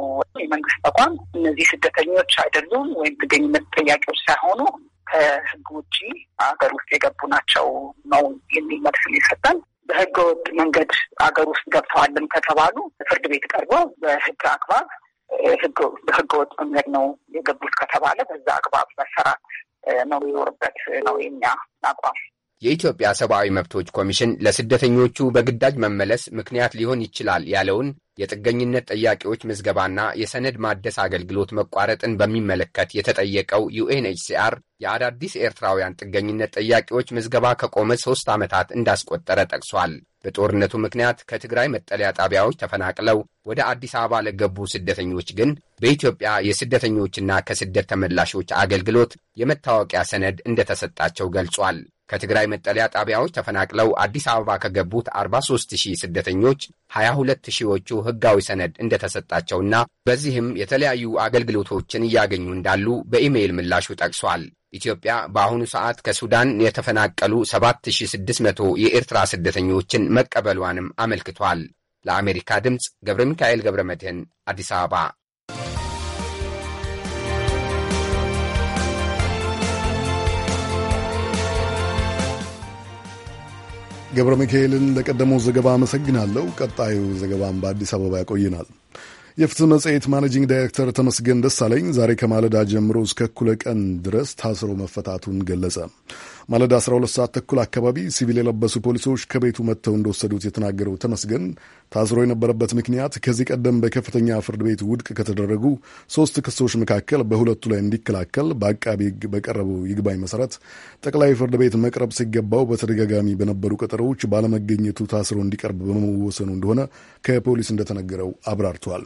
የመንግስት ተቋም እነዚህ ስደተኞች አይደሉም ወይም ጥገኝነት ጠያቂዎች ሳይሆኑ ከህግ ውጭ ሀገር ውስጥ የገቡ ናቸው ነው የሚል መልስ ይሰጣል። ወጥ መንገድ ሀገር ውስጥ ገብተዋልም ከተባሉ ፍርድ ቤት ቀርበው በህግ አግባብ ወጥ መንገድ ነው የገቡት ከተባለ በዛ አግባብ መሰራት ነው ይኖርበት ነው የኛ አቋም። የኢትዮጵያ ሰብአዊ መብቶች ኮሚሽን ለስደተኞቹ በግዳጅ መመለስ ምክንያት ሊሆን ይችላል ያለውን የጥገኝነት ጥያቄዎች ምዝገባና የሰነድ ማደስ አገልግሎት መቋረጥን በሚመለከት የተጠየቀው ዩኤንኤችሲአር የአዳዲስ ኤርትራውያን ጥገኝነት ጥያቄዎች ምዝገባ ከቆመ ሦስት ዓመታት እንዳስቆጠረ ጠቅሷል። በጦርነቱ ምክንያት ከትግራይ መጠለያ ጣቢያዎች ተፈናቅለው ወደ አዲስ አበባ ለገቡ ስደተኞች ግን በኢትዮጵያ የስደተኞችና ከስደት ተመላሾች አገልግሎት የመታወቂያ ሰነድ እንደተሰጣቸው ገልጿል። ከትግራይ መጠለያ ጣቢያዎች ተፈናቅለው አዲስ አበባ ከገቡት 43 ሺህ ስደተኞች 22 ሺዎቹ ሕጋዊ ሰነድ እንደተሰጣቸውና በዚህም የተለያዩ አገልግሎቶችን እያገኙ እንዳሉ በኢሜይል ምላሹ ጠቅሷል። ኢትዮጵያ በአሁኑ ሰዓት ከሱዳን የተፈናቀሉ 7600 የኤርትራ ስደተኞችን መቀበሏንም አመልክቷል። ለአሜሪካ ድምፅ ገብረ ሚካኤል ገብረ መድህን አዲስ አበባ ገብረ ሚካኤልን ለቀደመው ዘገባ አመሰግናለሁ። ቀጣዩ ዘገባም በአዲስ አበባ ያቆይናል። የፍትህ መጽሔት ማኔጂንግ ዳይሬክተር ተመስገን ደሳለኝ ዛሬ ከማለዳ ጀምሮ እስከ እኩለ ቀን ድረስ ታስሮ መፈታቱን ገለጸ። ማለዳ 12 ሰዓት ተኩል አካባቢ ሲቪል የለበሱ ፖሊሶች ከቤቱ መጥተው እንደወሰዱት የተናገረው ተመስገን ታስሮ የነበረበት ምክንያት ከዚህ ቀደም በከፍተኛ ፍርድ ቤት ውድቅ ከተደረጉ ሶስት ክሶች መካከል በሁለቱ ላይ እንዲከላከል በአቃቢ ሕግ በቀረበው ይግባኝ መሰረት ጠቅላይ ፍርድ ቤት መቅረብ ሲገባው በተደጋጋሚ በነበሩ ቀጠሮዎች ባለመገኘቱ ታስሮ እንዲቀርብ በመወሰኑ እንደሆነ ከፖሊስ እንደተነገረው አብራርቷል።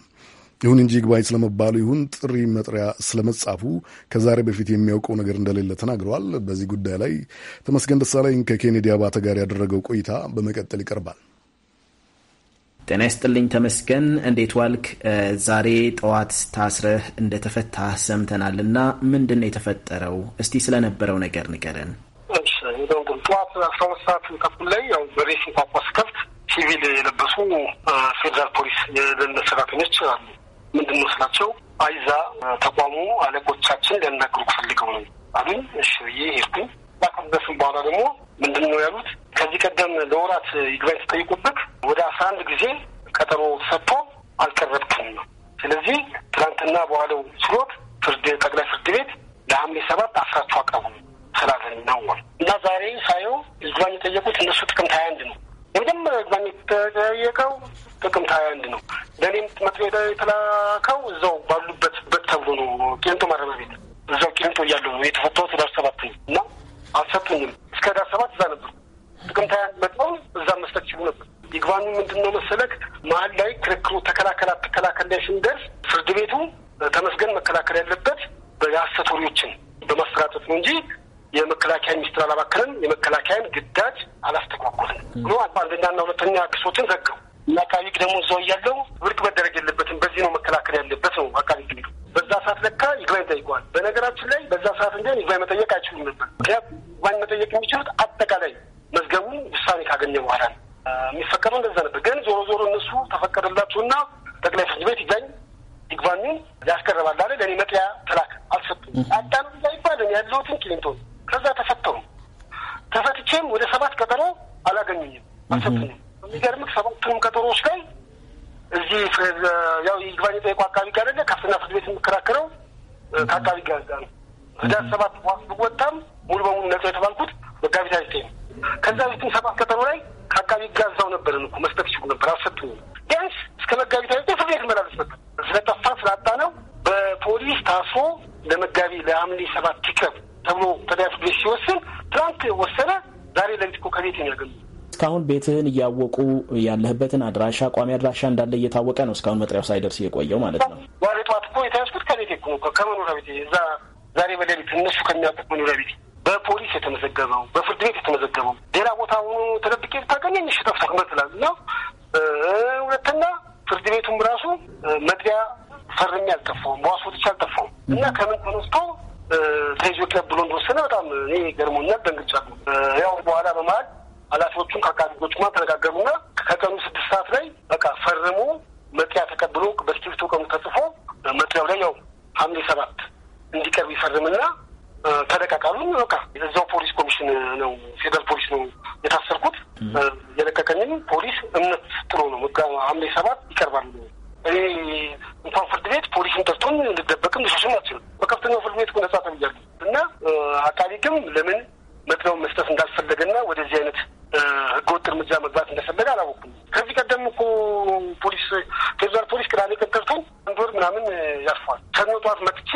ይሁን እንጂ ይግባኝ ስለመባሉ ይሁን ጥሪ መጥሪያ ስለመጻፉ ከዛሬ በፊት የሚያውቀው ነገር እንደሌለ ተናግረዋል። በዚህ ጉዳይ ላይ ተመስገን ደሳለኝ ከኬኔዲ አባተ ጋር ያደረገው ቆይታ በመቀጠል ይቀርባል። ጤና ይስጥልኝ ተመስገን፣ እንዴት ዋልክ? ዛሬ ጠዋት ታስረህ እንደተፈታ ሰምተናል እና ምንድን ነው የተፈጠረው? እስቲ ስለነበረው ነገር ንገረን። ጠዋት አስራ ሁለት ሰዓት ተኩል ላይ ያው በሬስ ቋንቋ ስከፍት ሲቪል የለበሱ ፌዴራል ፖሊስ የደህንነት ሰራተኞች አሉ ምንድን ነው ስላቸው፣ አይዛ ተቋሙ አለቆቻችን ሊያናግሩ ፈልገው ነው አሉኝ። እሺ ብዬ ሄድኩ። ካከበስም በኋላ ደግሞ ምንድን ነው ያሉት፣ ከዚህ ቀደም ለወራት ይግባኝ ተጠይቁበት ወደ አስራ አንድ ጊዜ ቀጠሮ ሰጥቶ አልቀረብክም ነው። ስለዚህ ትናንትና በኋላው ችሎት ፍርድ ጠቅላይ ፍርድ ቤት ለሐምሌ ሰባት አስራችሁ አቅርቡ ስላለን ነው እና ዛሬ ሳየው ይግባኝ የጠየቁት እነሱ ጥቅምት ሀያ አንድ ነው የመጀመሪያው ይግባኝ የተጠየቀው ጥቅምት ሀያ አንድ ነው። ለእኔ መጥሪያ የተላከው እዛው ባሉበት በት ተብሎ ነው። ቂሊንጦ ማረሚያ ቤት እዛው ቂሊንጦ እያሉ ነው የተፈታሁት። ዳር ሰባት ነው እና አልሰጡኝም። እስከ ዳር ሰባት እዛ ነበር። ጥቅምት ሀያ አንድ መጥተው እዛ መስጠት ችሉ ነበር። ይግባኙ ምንድን ነው መሰለክ፣ መሀል ላይ ክርክሩ ተከላከል አትከላከል ላይ ስንደርስ ፍርድ ቤቱ ተመስገን መከላከል ያለበት የሐሰት ወሬዎችን በማሰራጨት ነው እንጂ የመከላከያ ሚኒስትር አላባከልን የመከላከያን ግዳጅ አላስተጓጎልን ብሎ አንደኛና ሁለተኛ ክሶችን ዘጋው። እና አቃቢ ህግ ደግሞ እዛው እያለው ውድቅ መደረግ የለበትም በዚህ ነው መከላከል ያለበት ነው አቃቢ ህግ በዛ ሰዓት ለካ ይግባኝ ጠይቋል። በነገራችን ላይ በዛ ሰዓት እንዲሆን ይግባኝ መጠየቅ አይችሉም ነበር። ምክንያቱ ይግባኝ መጠየቅ የሚችሉት አጠቃላይ መዝገቡ ውሳኔ ካገኘ በኋላ ነው የሚፈቀደው። እንደዛ ነበር። ግን ዞሮ ዞሮ እነሱ ተፈቀደላችሁና ጠቅላይ ፍርድ ቤት ይግባኝ ይግባኙ ያስቀረባል አለ። ለእኔ መጥያ ተላክ አልሰጡም። አዳም ይባለን ያለሁትን ክሊንቶን ከዛ ተፈተው ተፈትቼም ወደ ሰባት ቀጠሮ አላገኙኝም አልሰጡኝም። የሚገርምህ ሰባቱንም ቀጠሮዎች ላይ እዚህ ያው ይግባኝ የጠየቁ አቃቢ ጋር አደለ ከፍተኛ ፍርድ ቤት የምከራከረው ከአቃቢ ጋር ጋር ነው። ህዳር ሰባት ዋስ ብወጣም ሙሉ በሙሉ ነጻ የተባልኩት መጋቢት አይዘጠኝ ነው። ከዛ ቤትም ሰባት ቀጠሮ ላይ ከአቃቢ ጋር እዛው ነበር እኮ መስጠት ይችሉ ነበር፣ አልሰጡኝም። ቢያንስ እስከ መጋቢት አይዘጠኝ ፍርድ ቤት መላለስ ነበር። ስለጠፋ ስላጣ ነው በፖሊስ ታስሮ ለመጋቢ ለሐምሌ ሰባት ይቅረብ ተብሎ ተዳያ ፍርድ ቤት ሲወስን ትናንት ወሰነ። ዛሬ ለሊት እኮ ከቤት ነው ያገኙ እስካሁን ቤትህን እያወቁ ያለህበትን አድራሻ ቋሚ አድራሻ እንዳለ እየታወቀ ነው እስካሁን መጥሪያው ሳይደርስ እየቆየው ማለት ነው። ዛሬ ጠዋት እኮ የተያዝኩት ከቤቴ እኮ ከመኖሪያ ቤቴ እዛ ዛሬ በሌሊት እነሱ ከሚያውቁት መኖሪያ ቤቴ በፖሊስ የተመዘገበው በፍርድ ቤት የተመዘገበው ሌላ ቦታ ሆኖ ተደብቄ ብታገኘኝ እሺ ጠፍተህ መስላል እና ሁለተኛ ፍርድ ቤቱም ራሱ መጥሪያ ፈርሜ አልጠፋውም፣ በዋስ ወጥቼ አልጠፋውም እና ከምን ተነስቶ ተይዞ ብሎ እንደወሰነ በጣም እኔ ገርሞኛል፣ ደንግጫለሁ። ያው በኋላ በመሀል ኃላፊዎቹ ከአካባቢዎች ማ ጋር ተነጋገሩና ከቀኑ ስድስት ሰዓት ላይ በቃ ፈርሙ መጥሪያ ተቀብሎ በስክሪፕቶ ቀኑ ተጽፎ መጥሪያው ላይ ያው ሐምሌ ሰባት እንዲቀርብ ይፈርምና ተለቀቃሉ። በቃ እዛው ፖሊስ ኮሚሽን ነው ፌደራል ፖሊስ ነው የታሰርኩት። የለቀቀኝም ፖሊስ እምነት ጥሎ ነው ሐምሌ ሰባት ይቀርባል። እኔ እንኳን ፍርድ ቤት ፖሊስን ጠርቶን ልደበቅም ልሸሽም አልችልም። በከፍተኛው ፍርድ ቤት ነጻ ተብያለሁ እና አቃቢ ግን ለምን መጥሪያውን መስጠት እንዳልፈለገና ወደዚህ አይነት ህገወጥ እርምጃ መግባት እንደፈለገ አላወኩም። ከዚህ ቀደም እኮ ፖሊስ ፌዴራል ፖሊስ ቅዳሜ ቀጠርኩኝ አንድ ወር ምናምን ያርፏል። ከኖ ጠዋት መጥቼ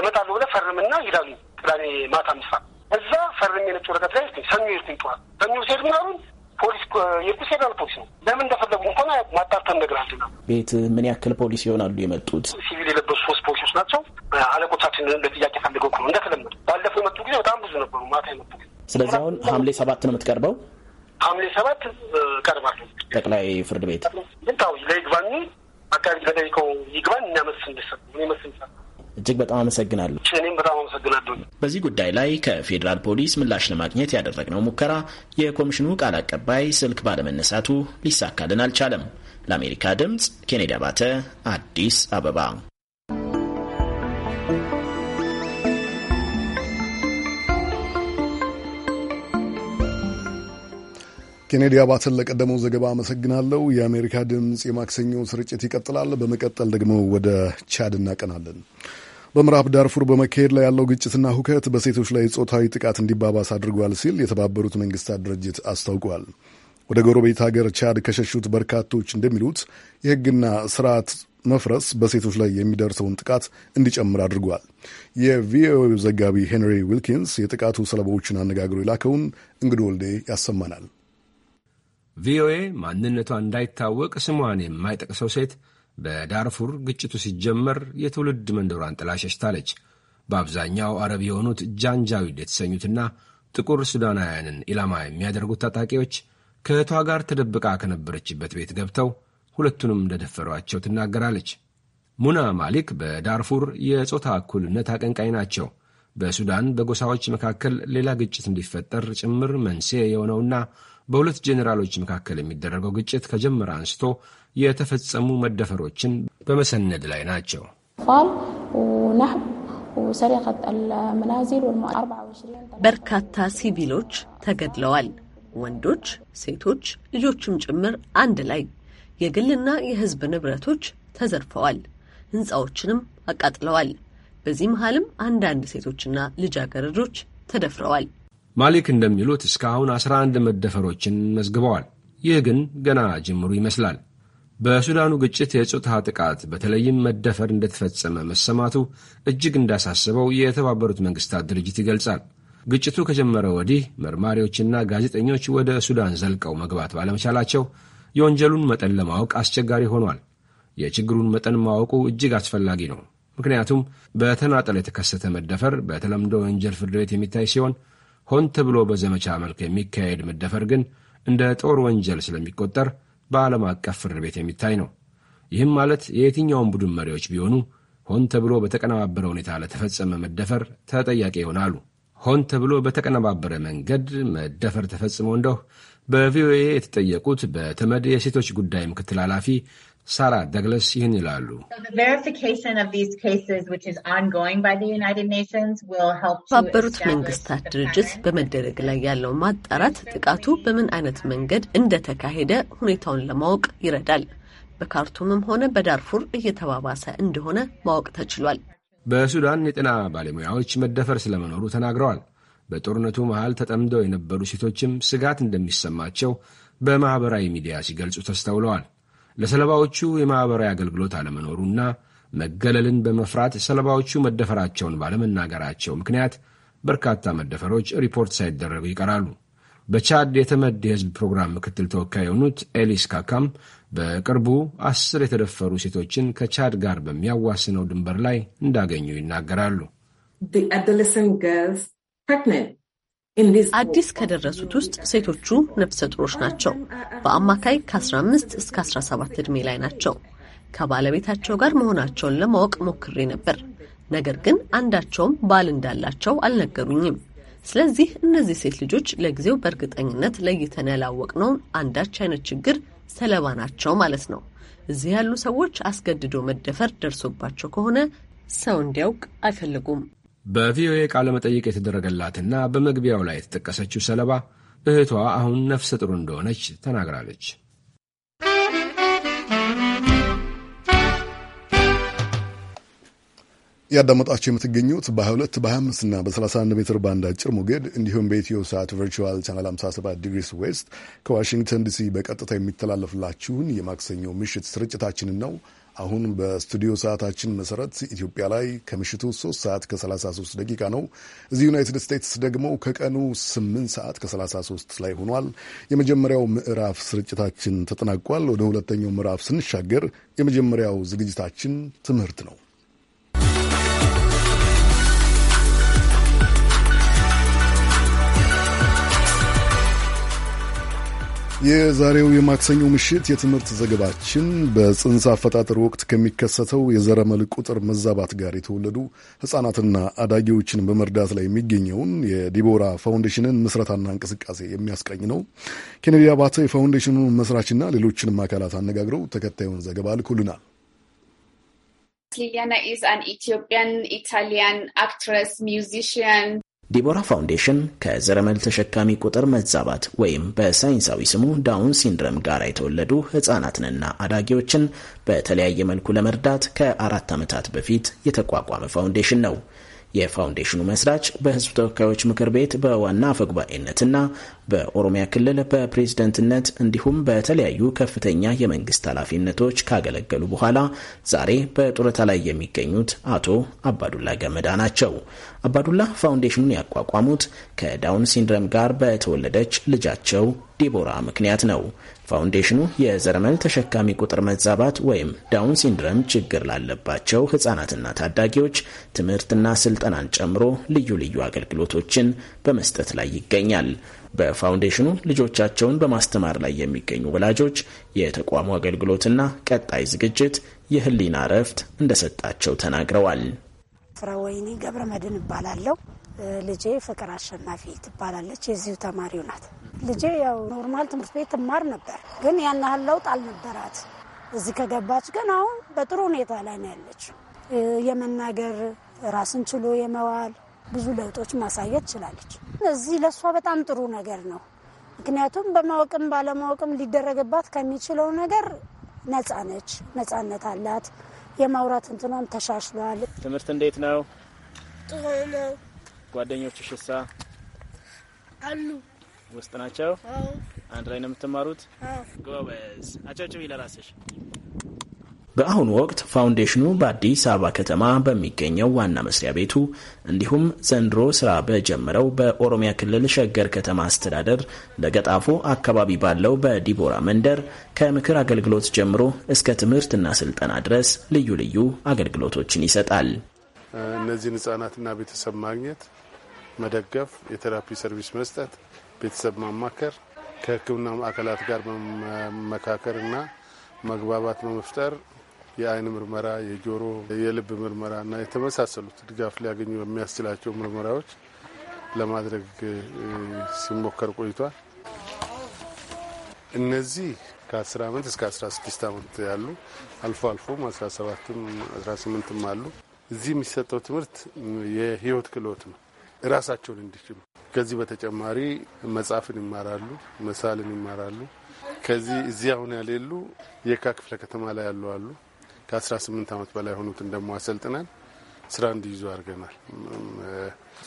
እመጣለሁ ብለህ ፈርምና ይላሉ። ቅዳሜ ማታ ምሳ እዛ ፈርም የነጭ ወረቀት ላይ ሄድኩኝ። ሰኞ ሄድኩኝ ጠዋት ሰኞ ሴድ ምናሉን ፖሊስ የሄድኩት ፌዴራል ፖሊስ ነው። ለምን እንደፈለጉ እንኳን አያውቁም። አጣርተን እነግርሃለሁ ቤት ምን ያክል ፖሊስ ይሆናሉ የመጡት? ሲቪል የለበሱ ሶስት ፖሊሶች ናቸው። አለቆቻችን ለጥያቄ ፈልገው ነው እንደተለመዱ። ባለፈው የመጡ ጊዜ በጣም ብዙ ነበሩ ማታ የመጡ ጊዜ ስለዚህ አሁን ሐምሌ ሰባት ነው የምትቀርበው። ሐምሌ ሰባት ቀርባሉ። ጠቅላይ ፍርድ ቤት ምንታው ታው ለይግባኝ አካባቢ ተጠይቀው ይግባኝ እኛ መስ እንዲሰጥ መስ እንዲሰጥ እጅግ በጣም አመሰግናለሁ። እኔም በጣም አመሰግናለሁ። በዚህ ጉዳይ ላይ ከፌዴራል ፖሊስ ምላሽ ለማግኘት ያደረግነው ሙከራ የኮሚሽኑ ቃል አቀባይ ስልክ ባለመነሳቱ ሊሳካልን አልቻለም። ለአሜሪካ ድምፅ ኬኔዲ አባተ አዲስ አበባ ኬኔዲ አባትን ለቀደመው ዘገባ አመሰግናለሁ። የአሜሪካ ድምፅ የማክሰኞ ስርጭት ይቀጥላል። በመቀጠል ደግሞ ወደ ቻድ እናቀናለን። በምዕራብ ዳርፉር በመካሄድ ላይ ያለው ግጭትና ሁከት በሴቶች ላይ ጾታዊ ጥቃት እንዲባባስ አድርጓል ሲል የተባበሩት መንግስታት ድርጅት አስታውቋል። ወደ ጎረቤት ሀገር ቻድ ከሸሹት በርካቶች እንደሚሉት የህግና ስርዓት መፍረስ በሴቶች ላይ የሚደርሰውን ጥቃት እንዲጨምር አድርጓል። የቪኦኤው ዘጋቢ ሄንሪ ዊልኪንስ የጥቃቱ ሰለባዎችን አነጋግሮ የላከውን እንግዶ ወልዴ ያሰማናል። ቪኦኤ ማንነቷ እንዳይታወቅ ስሟን የማይጠቅሰው ሴት በዳርፉር ግጭቱ ሲጀመር የትውልድ መንደሯን ጥላ ሸሽታለች። በአብዛኛው አረብ የሆኑት ጃንጃዊድ የተሰኙትና ጥቁር ሱዳናውያንን ኢላማ የሚያደርጉት ታጣቂዎች ከእህቷ ጋር ተደብቃ ከነበረችበት ቤት ገብተው ሁለቱንም እንደደፈሯቸው ትናገራለች። ሙና ማሊክ በዳርፉር የጾታ እኩልነት አቀንቃኝ ናቸው። በሱዳን በጎሳዎች መካከል ሌላ ግጭት እንዲፈጠር ጭምር መንስኤ የሆነውና በሁለት ጄኔራሎች መካከል የሚደረገው ግጭት ከጀመረ አንስቶ የተፈጸሙ መደፈሮችን በመሰነድ ላይ ናቸው። በርካታ ሲቪሎች ተገድለዋል። ወንዶች፣ ሴቶች፣ ልጆችም ጭምር አንድ ላይ የግልና የሕዝብ ንብረቶች ተዘርፈዋል። ሕንፃዎችንም አቃጥለዋል። በዚህ መሃልም አንዳንድ ሴቶችና ልጃገረዶች ተደፍረዋል። ማሊክ እንደሚሉት እስካሁን 11 መደፈሮችን መዝግበዋል። ይህ ግን ገና ጅምሩ ይመስላል። በሱዳኑ ግጭት የጾታ ጥቃት በተለይም መደፈር እንደተፈጸመ መሰማቱ እጅግ እንዳሳስበው የተባበሩት መንግሥታት ድርጅት ይገልጻል። ግጭቱ ከጀመረ ወዲህ መርማሪዎችና ጋዜጠኞች ወደ ሱዳን ዘልቀው መግባት ባለመቻላቸው የወንጀሉን መጠን ለማወቅ አስቸጋሪ ሆኗል። የችግሩን መጠን ማወቁ እጅግ አስፈላጊ ነው። ምክንያቱም በተናጠል የተከሰተ መደፈር በተለምዶ ወንጀል ፍርድ ቤት የሚታይ ሲሆን ሆን ተብሎ በዘመቻ መልክ የሚካሄድ መደፈር ግን እንደ ጦር ወንጀል ስለሚቆጠር በዓለም አቀፍ ፍርድ ቤት የሚታይ ነው። ይህም ማለት የየትኛውን ቡድን መሪዎች ቢሆኑ ሆን ተብሎ በተቀነባበረ ሁኔታ ለተፈጸመ መደፈር ተጠያቂ ይሆናሉ። ሆን ተብሎ በተቀነባበረ መንገድ መደፈር ተፈጽሞ እንደው በቪኦኤ የተጠየቁት በተመድ የሴቶች ጉዳይ ምክትል ኃላፊ ሳራ ደግለስ ይህን ይላሉ። የተባበሩት መንግስታት ድርጅት በመደረግ ላይ ያለው ማጣራት ጥቃቱ በምን አይነት መንገድ እንደተካሄደ ሁኔታውን ለማወቅ ይረዳል። በካርቱምም ሆነ በዳርፉር እየተባባሰ እንደሆነ ማወቅ ተችሏል። በሱዳን የጤና ባለሙያዎች መደፈር ስለመኖሩ ተናግረዋል። በጦርነቱ መሃል ተጠምደው የነበሩ ሴቶችም ስጋት እንደሚሰማቸው በማኅበራዊ ሚዲያ ሲገልጹ ተስተውለዋል። ለሰለባዎቹ የማኅበራዊ አገልግሎት አለመኖሩና መገለልን በመፍራት ሰለባዎቹ መደፈራቸውን ባለመናገራቸው ምክንያት በርካታ መደፈሮች ሪፖርት ሳይደረጉ ይቀራሉ። በቻድ የተመድ የሕዝብ ፕሮግራም ምክትል ተወካይ የሆኑት ኤሊስ ካካም በቅርቡ አስር የተደፈሩ ሴቶችን ከቻድ ጋር በሚያዋስነው ድንበር ላይ እንዳገኙ ይናገራሉ። አዲስ ከደረሱት ውስጥ ሴቶቹ ነፍሰ ጡሮች ናቸው። በአማካይ ከ15 እስከ 17 ዕድሜ ላይ ናቸው። ከባለቤታቸው ጋር መሆናቸውን ለማወቅ ሞክሬ ነበር፣ ነገር ግን አንዳቸውም ባል እንዳላቸው አልነገሩኝም። ስለዚህ እነዚህ ሴት ልጆች ለጊዜው በእርግጠኝነት ለይተን ያላወቅነውን አንዳች አይነት ችግር ሰለባ ናቸው ማለት ነው። እዚህ ያሉ ሰዎች አስገድዶ መደፈር ደርሶባቸው ከሆነ ሰው እንዲያውቅ አይፈልጉም። በቪኦኤ ቃለመጠይቅ የተደረገላትና በመግቢያው ላይ የተጠቀሰችው ሰለባ እህቷ አሁን ነፍሰ ጥሩ እንደሆነች ተናግራለች። ያዳመጣችሁ የምትገኙት በ22 በ25 እና በ31 ሜትር ባንድ አጭር ሞገድ እንዲሁም በኢትዮ ሰዓት ቨርቹዋል ቻናል 57 ዲግሪስ ዌስት ከዋሽንግተን ዲሲ በቀጥታ የሚተላለፍላችሁን የማክሰኞ ምሽት ስርጭታችንን ነው። አሁን በስቱዲዮ ሰዓታችን መሰረት ኢትዮጵያ ላይ ከምሽቱ 3 ሰዓት ከ33 ደቂቃ ነው። እዚህ ዩናይትድ ስቴትስ ደግሞ ከቀኑ 8 ሰዓት ከ33 ላይ ሆኗል። የመጀመሪያው ምዕራፍ ስርጭታችን ተጠናቋል። ወደ ሁለተኛው ምዕራፍ ስንሻገር የመጀመሪያው ዝግጅታችን ትምህርት ነው። የዛሬው የማክሰኞ ምሽት የትምህርት ዘገባችን በጽንሰ አፈጣጠር ወቅት ከሚከሰተው የዘረመል ቁጥር መዛባት ጋር የተወለዱ ሕጻናትና አዳጊዎችን በመርዳት ላይ የሚገኘውን የዲቦራ ፋውንዴሽንን ምስረታና እንቅስቃሴ የሚያስቀኝ ነው። ኬኔዲ አባተ የፋውንዴሽኑን መስራችና ሌሎችንም አካላት አነጋግረው ተከታዩን ዘገባ ልኮልናል። ሊሊያና ኢዝ አን ኢትዮጵያን ኢታሊያን አክትረስ ሚውዚሽያን ዲቦራ ፋውንዴሽን ከዘረመል ተሸካሚ ቁጥር መዛባት ወይም በሳይንሳዊ ስሙ ዳውን ሲንድረም ጋር የተወለዱ ህጻናትንና አዳጊዎችን በተለያየ መልኩ ለመርዳት ከአራት ዓመታት በፊት የተቋቋመ ፋውንዴሽን ነው። የፋውንዴሽኑ መስራች በህዝብ ተወካዮች ምክር ቤት በዋና አፈጉባኤነትና በኦሮሚያ ክልል በፕሬዝደንትነት እንዲሁም በተለያዩ ከፍተኛ የመንግስት ኃላፊነቶች ካገለገሉ በኋላ ዛሬ በጡረታ ላይ የሚገኙት አቶ አባዱላ ገመዳ ናቸው። አባዱላ ፋውንዴሽኑን ያቋቋሙት ከዳውን ሲንድረም ጋር በተወለደች ልጃቸው ዲቦራ ምክንያት ነው። ፋውንዴሽኑ የዘረመል ተሸካሚ ቁጥር መዛባት ወይም ዳውን ሲንድረም ችግር ላለባቸው ህጻናትና ታዳጊዎች ትምህርትና ስልጠናን ጨምሮ ልዩ ልዩ አገልግሎቶችን በመስጠት ላይ ይገኛል። በፋውንዴሽኑ ልጆቻቸውን በማስተማር ላይ የሚገኙ ወላጆች የተቋሙ አገልግሎትና ቀጣይ ዝግጅት የህሊና እረፍት እንደሰጣቸው ተናግረዋል። ፍረ ወይኒ ገብረ መድን እባላለሁ። ልጄ ፍቅር አሸናፊ ትባላለች። የዚሁ ተማሪው ናት። ልጄ ያው ኖርማል ትምህርት ቤት ትማር ነበር፣ ግን ያን ያህል ለውጥ አልነበራት። እዚህ ከገባች ግን አሁን በጥሩ ሁኔታ ላይ ነው ያለች። የመናገር ራስን ችሎ የመዋል ብዙ ለውጦች ማሳየት ችላለች። እዚህ ለእሷ በጣም ጥሩ ነገር ነው። ምክንያቱም በማወቅም ባለማወቅም ሊደረግባት ከሚችለው ነገር ነጻ ነች። ነጻነት አላት። የማውራት እንትኗም ተሻሽሏል። ትምህርት እንዴት ነው? ጥሩ ነው። ጓደኞቹ ሽሳ አሉ ውስጥ ናቸው። አንድ ላይ ነው የምትማሩት? ጎበዝ። አጫጭም ለራስሽ በአሁኑ ወቅት ፋውንዴሽኑ በአዲስ አበባ ከተማ በሚገኘው ዋና መስሪያ ቤቱ እንዲሁም ዘንድሮ ስራ በጀመረው በኦሮሚያ ክልል ሸገር ከተማ አስተዳደር ለገጣፎ አካባቢ ባለው በዲቦራ መንደር ከምክር አገልግሎት ጀምሮ እስከ ትምህርትና ስልጠና ድረስ ልዩ ልዩ አገልግሎቶችን ይሰጣል። እነዚህን ህጻናትና ቤተሰብ ማግኘት፣ መደገፍ፣ የቴራፒ ሰርቪስ መስጠት ቤተሰብ ማማከር ከህክምና ማዕከላት ጋር መመካከርና መግባባት በመፍጠር የአይን ምርመራ፣ የጆሮ፣ የልብ ምርመራ እና የተመሳሰሉት ድጋፍ ሊያገኙ የሚያስችላቸው ምርመራዎች ለማድረግ ሲሞከር ቆይቷል። እነዚህ ከ10 ዓመት እስከ 16 ዓመት ያሉ አልፎ አልፎም 17ም 18ም አሉ። እዚህ የሚሰጠው ትምህርት የህይወት ክህሎት ነው። ራሳቸውን እንዲችሉ። ከዚህ በተጨማሪ መጻፍን ይማራሉ፣ መሳልን ይማራሉ። ከዚህ እዚህ አሁን ያሌሉ የካ ክፍለ ከተማ ላይ ያሉ አሉ። ከ18 ዓመት በላይ የሆኑትን ደግሞ አሰልጥናል ስራ እንዲይዙ አድርገናል።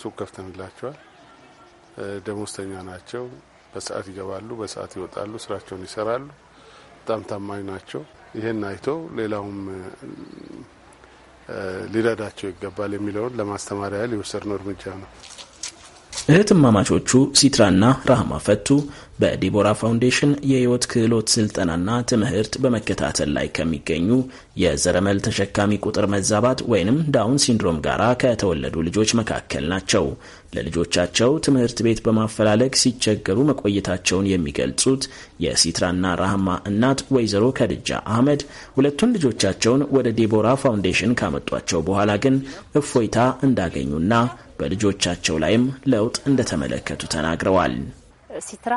ሱቅ ከፍተንላቸዋል። ደሞዝተኛ ናቸው። በሰዓት ይገባሉ፣ በሰዓት ይወጣሉ፣ ስራቸውን ይሰራሉ። በጣም ታማኝ ናቸው። ይህን አይቶ ሌላውም ሊረዳቸው ይገባል የሚለውን ለማስተማሪያ ያህል የወሰድነው እርምጃ ነው። እህትማማቾቹ ሲትራና ራህማ ፈቱ በዲቦራ ፋውንዴሽን የህይወት ክህሎት ስልጠናና ትምህርት በመከታተል ላይ ከሚገኙ የዘረመል ተሸካሚ ቁጥር መዛባት ወይንም ዳውን ሲንድሮም ጋር ከተወለዱ ልጆች መካከል ናቸው። ለልጆቻቸው ትምህርት ቤት በማፈላለግ ሲቸገሩ መቆየታቸውን የሚገልጹት የሲትራና ራህማ እናት ወይዘሮ ከድጃ አህመድ ሁለቱን ልጆቻቸውን ወደ ዲቦራ ፋውንዴሽን ካመጧቸው በኋላ ግን እፎይታ እንዳገኙና በልጆቻቸው ላይም ለውጥ እንደተመለከቱ ተናግረዋል። ሲትራ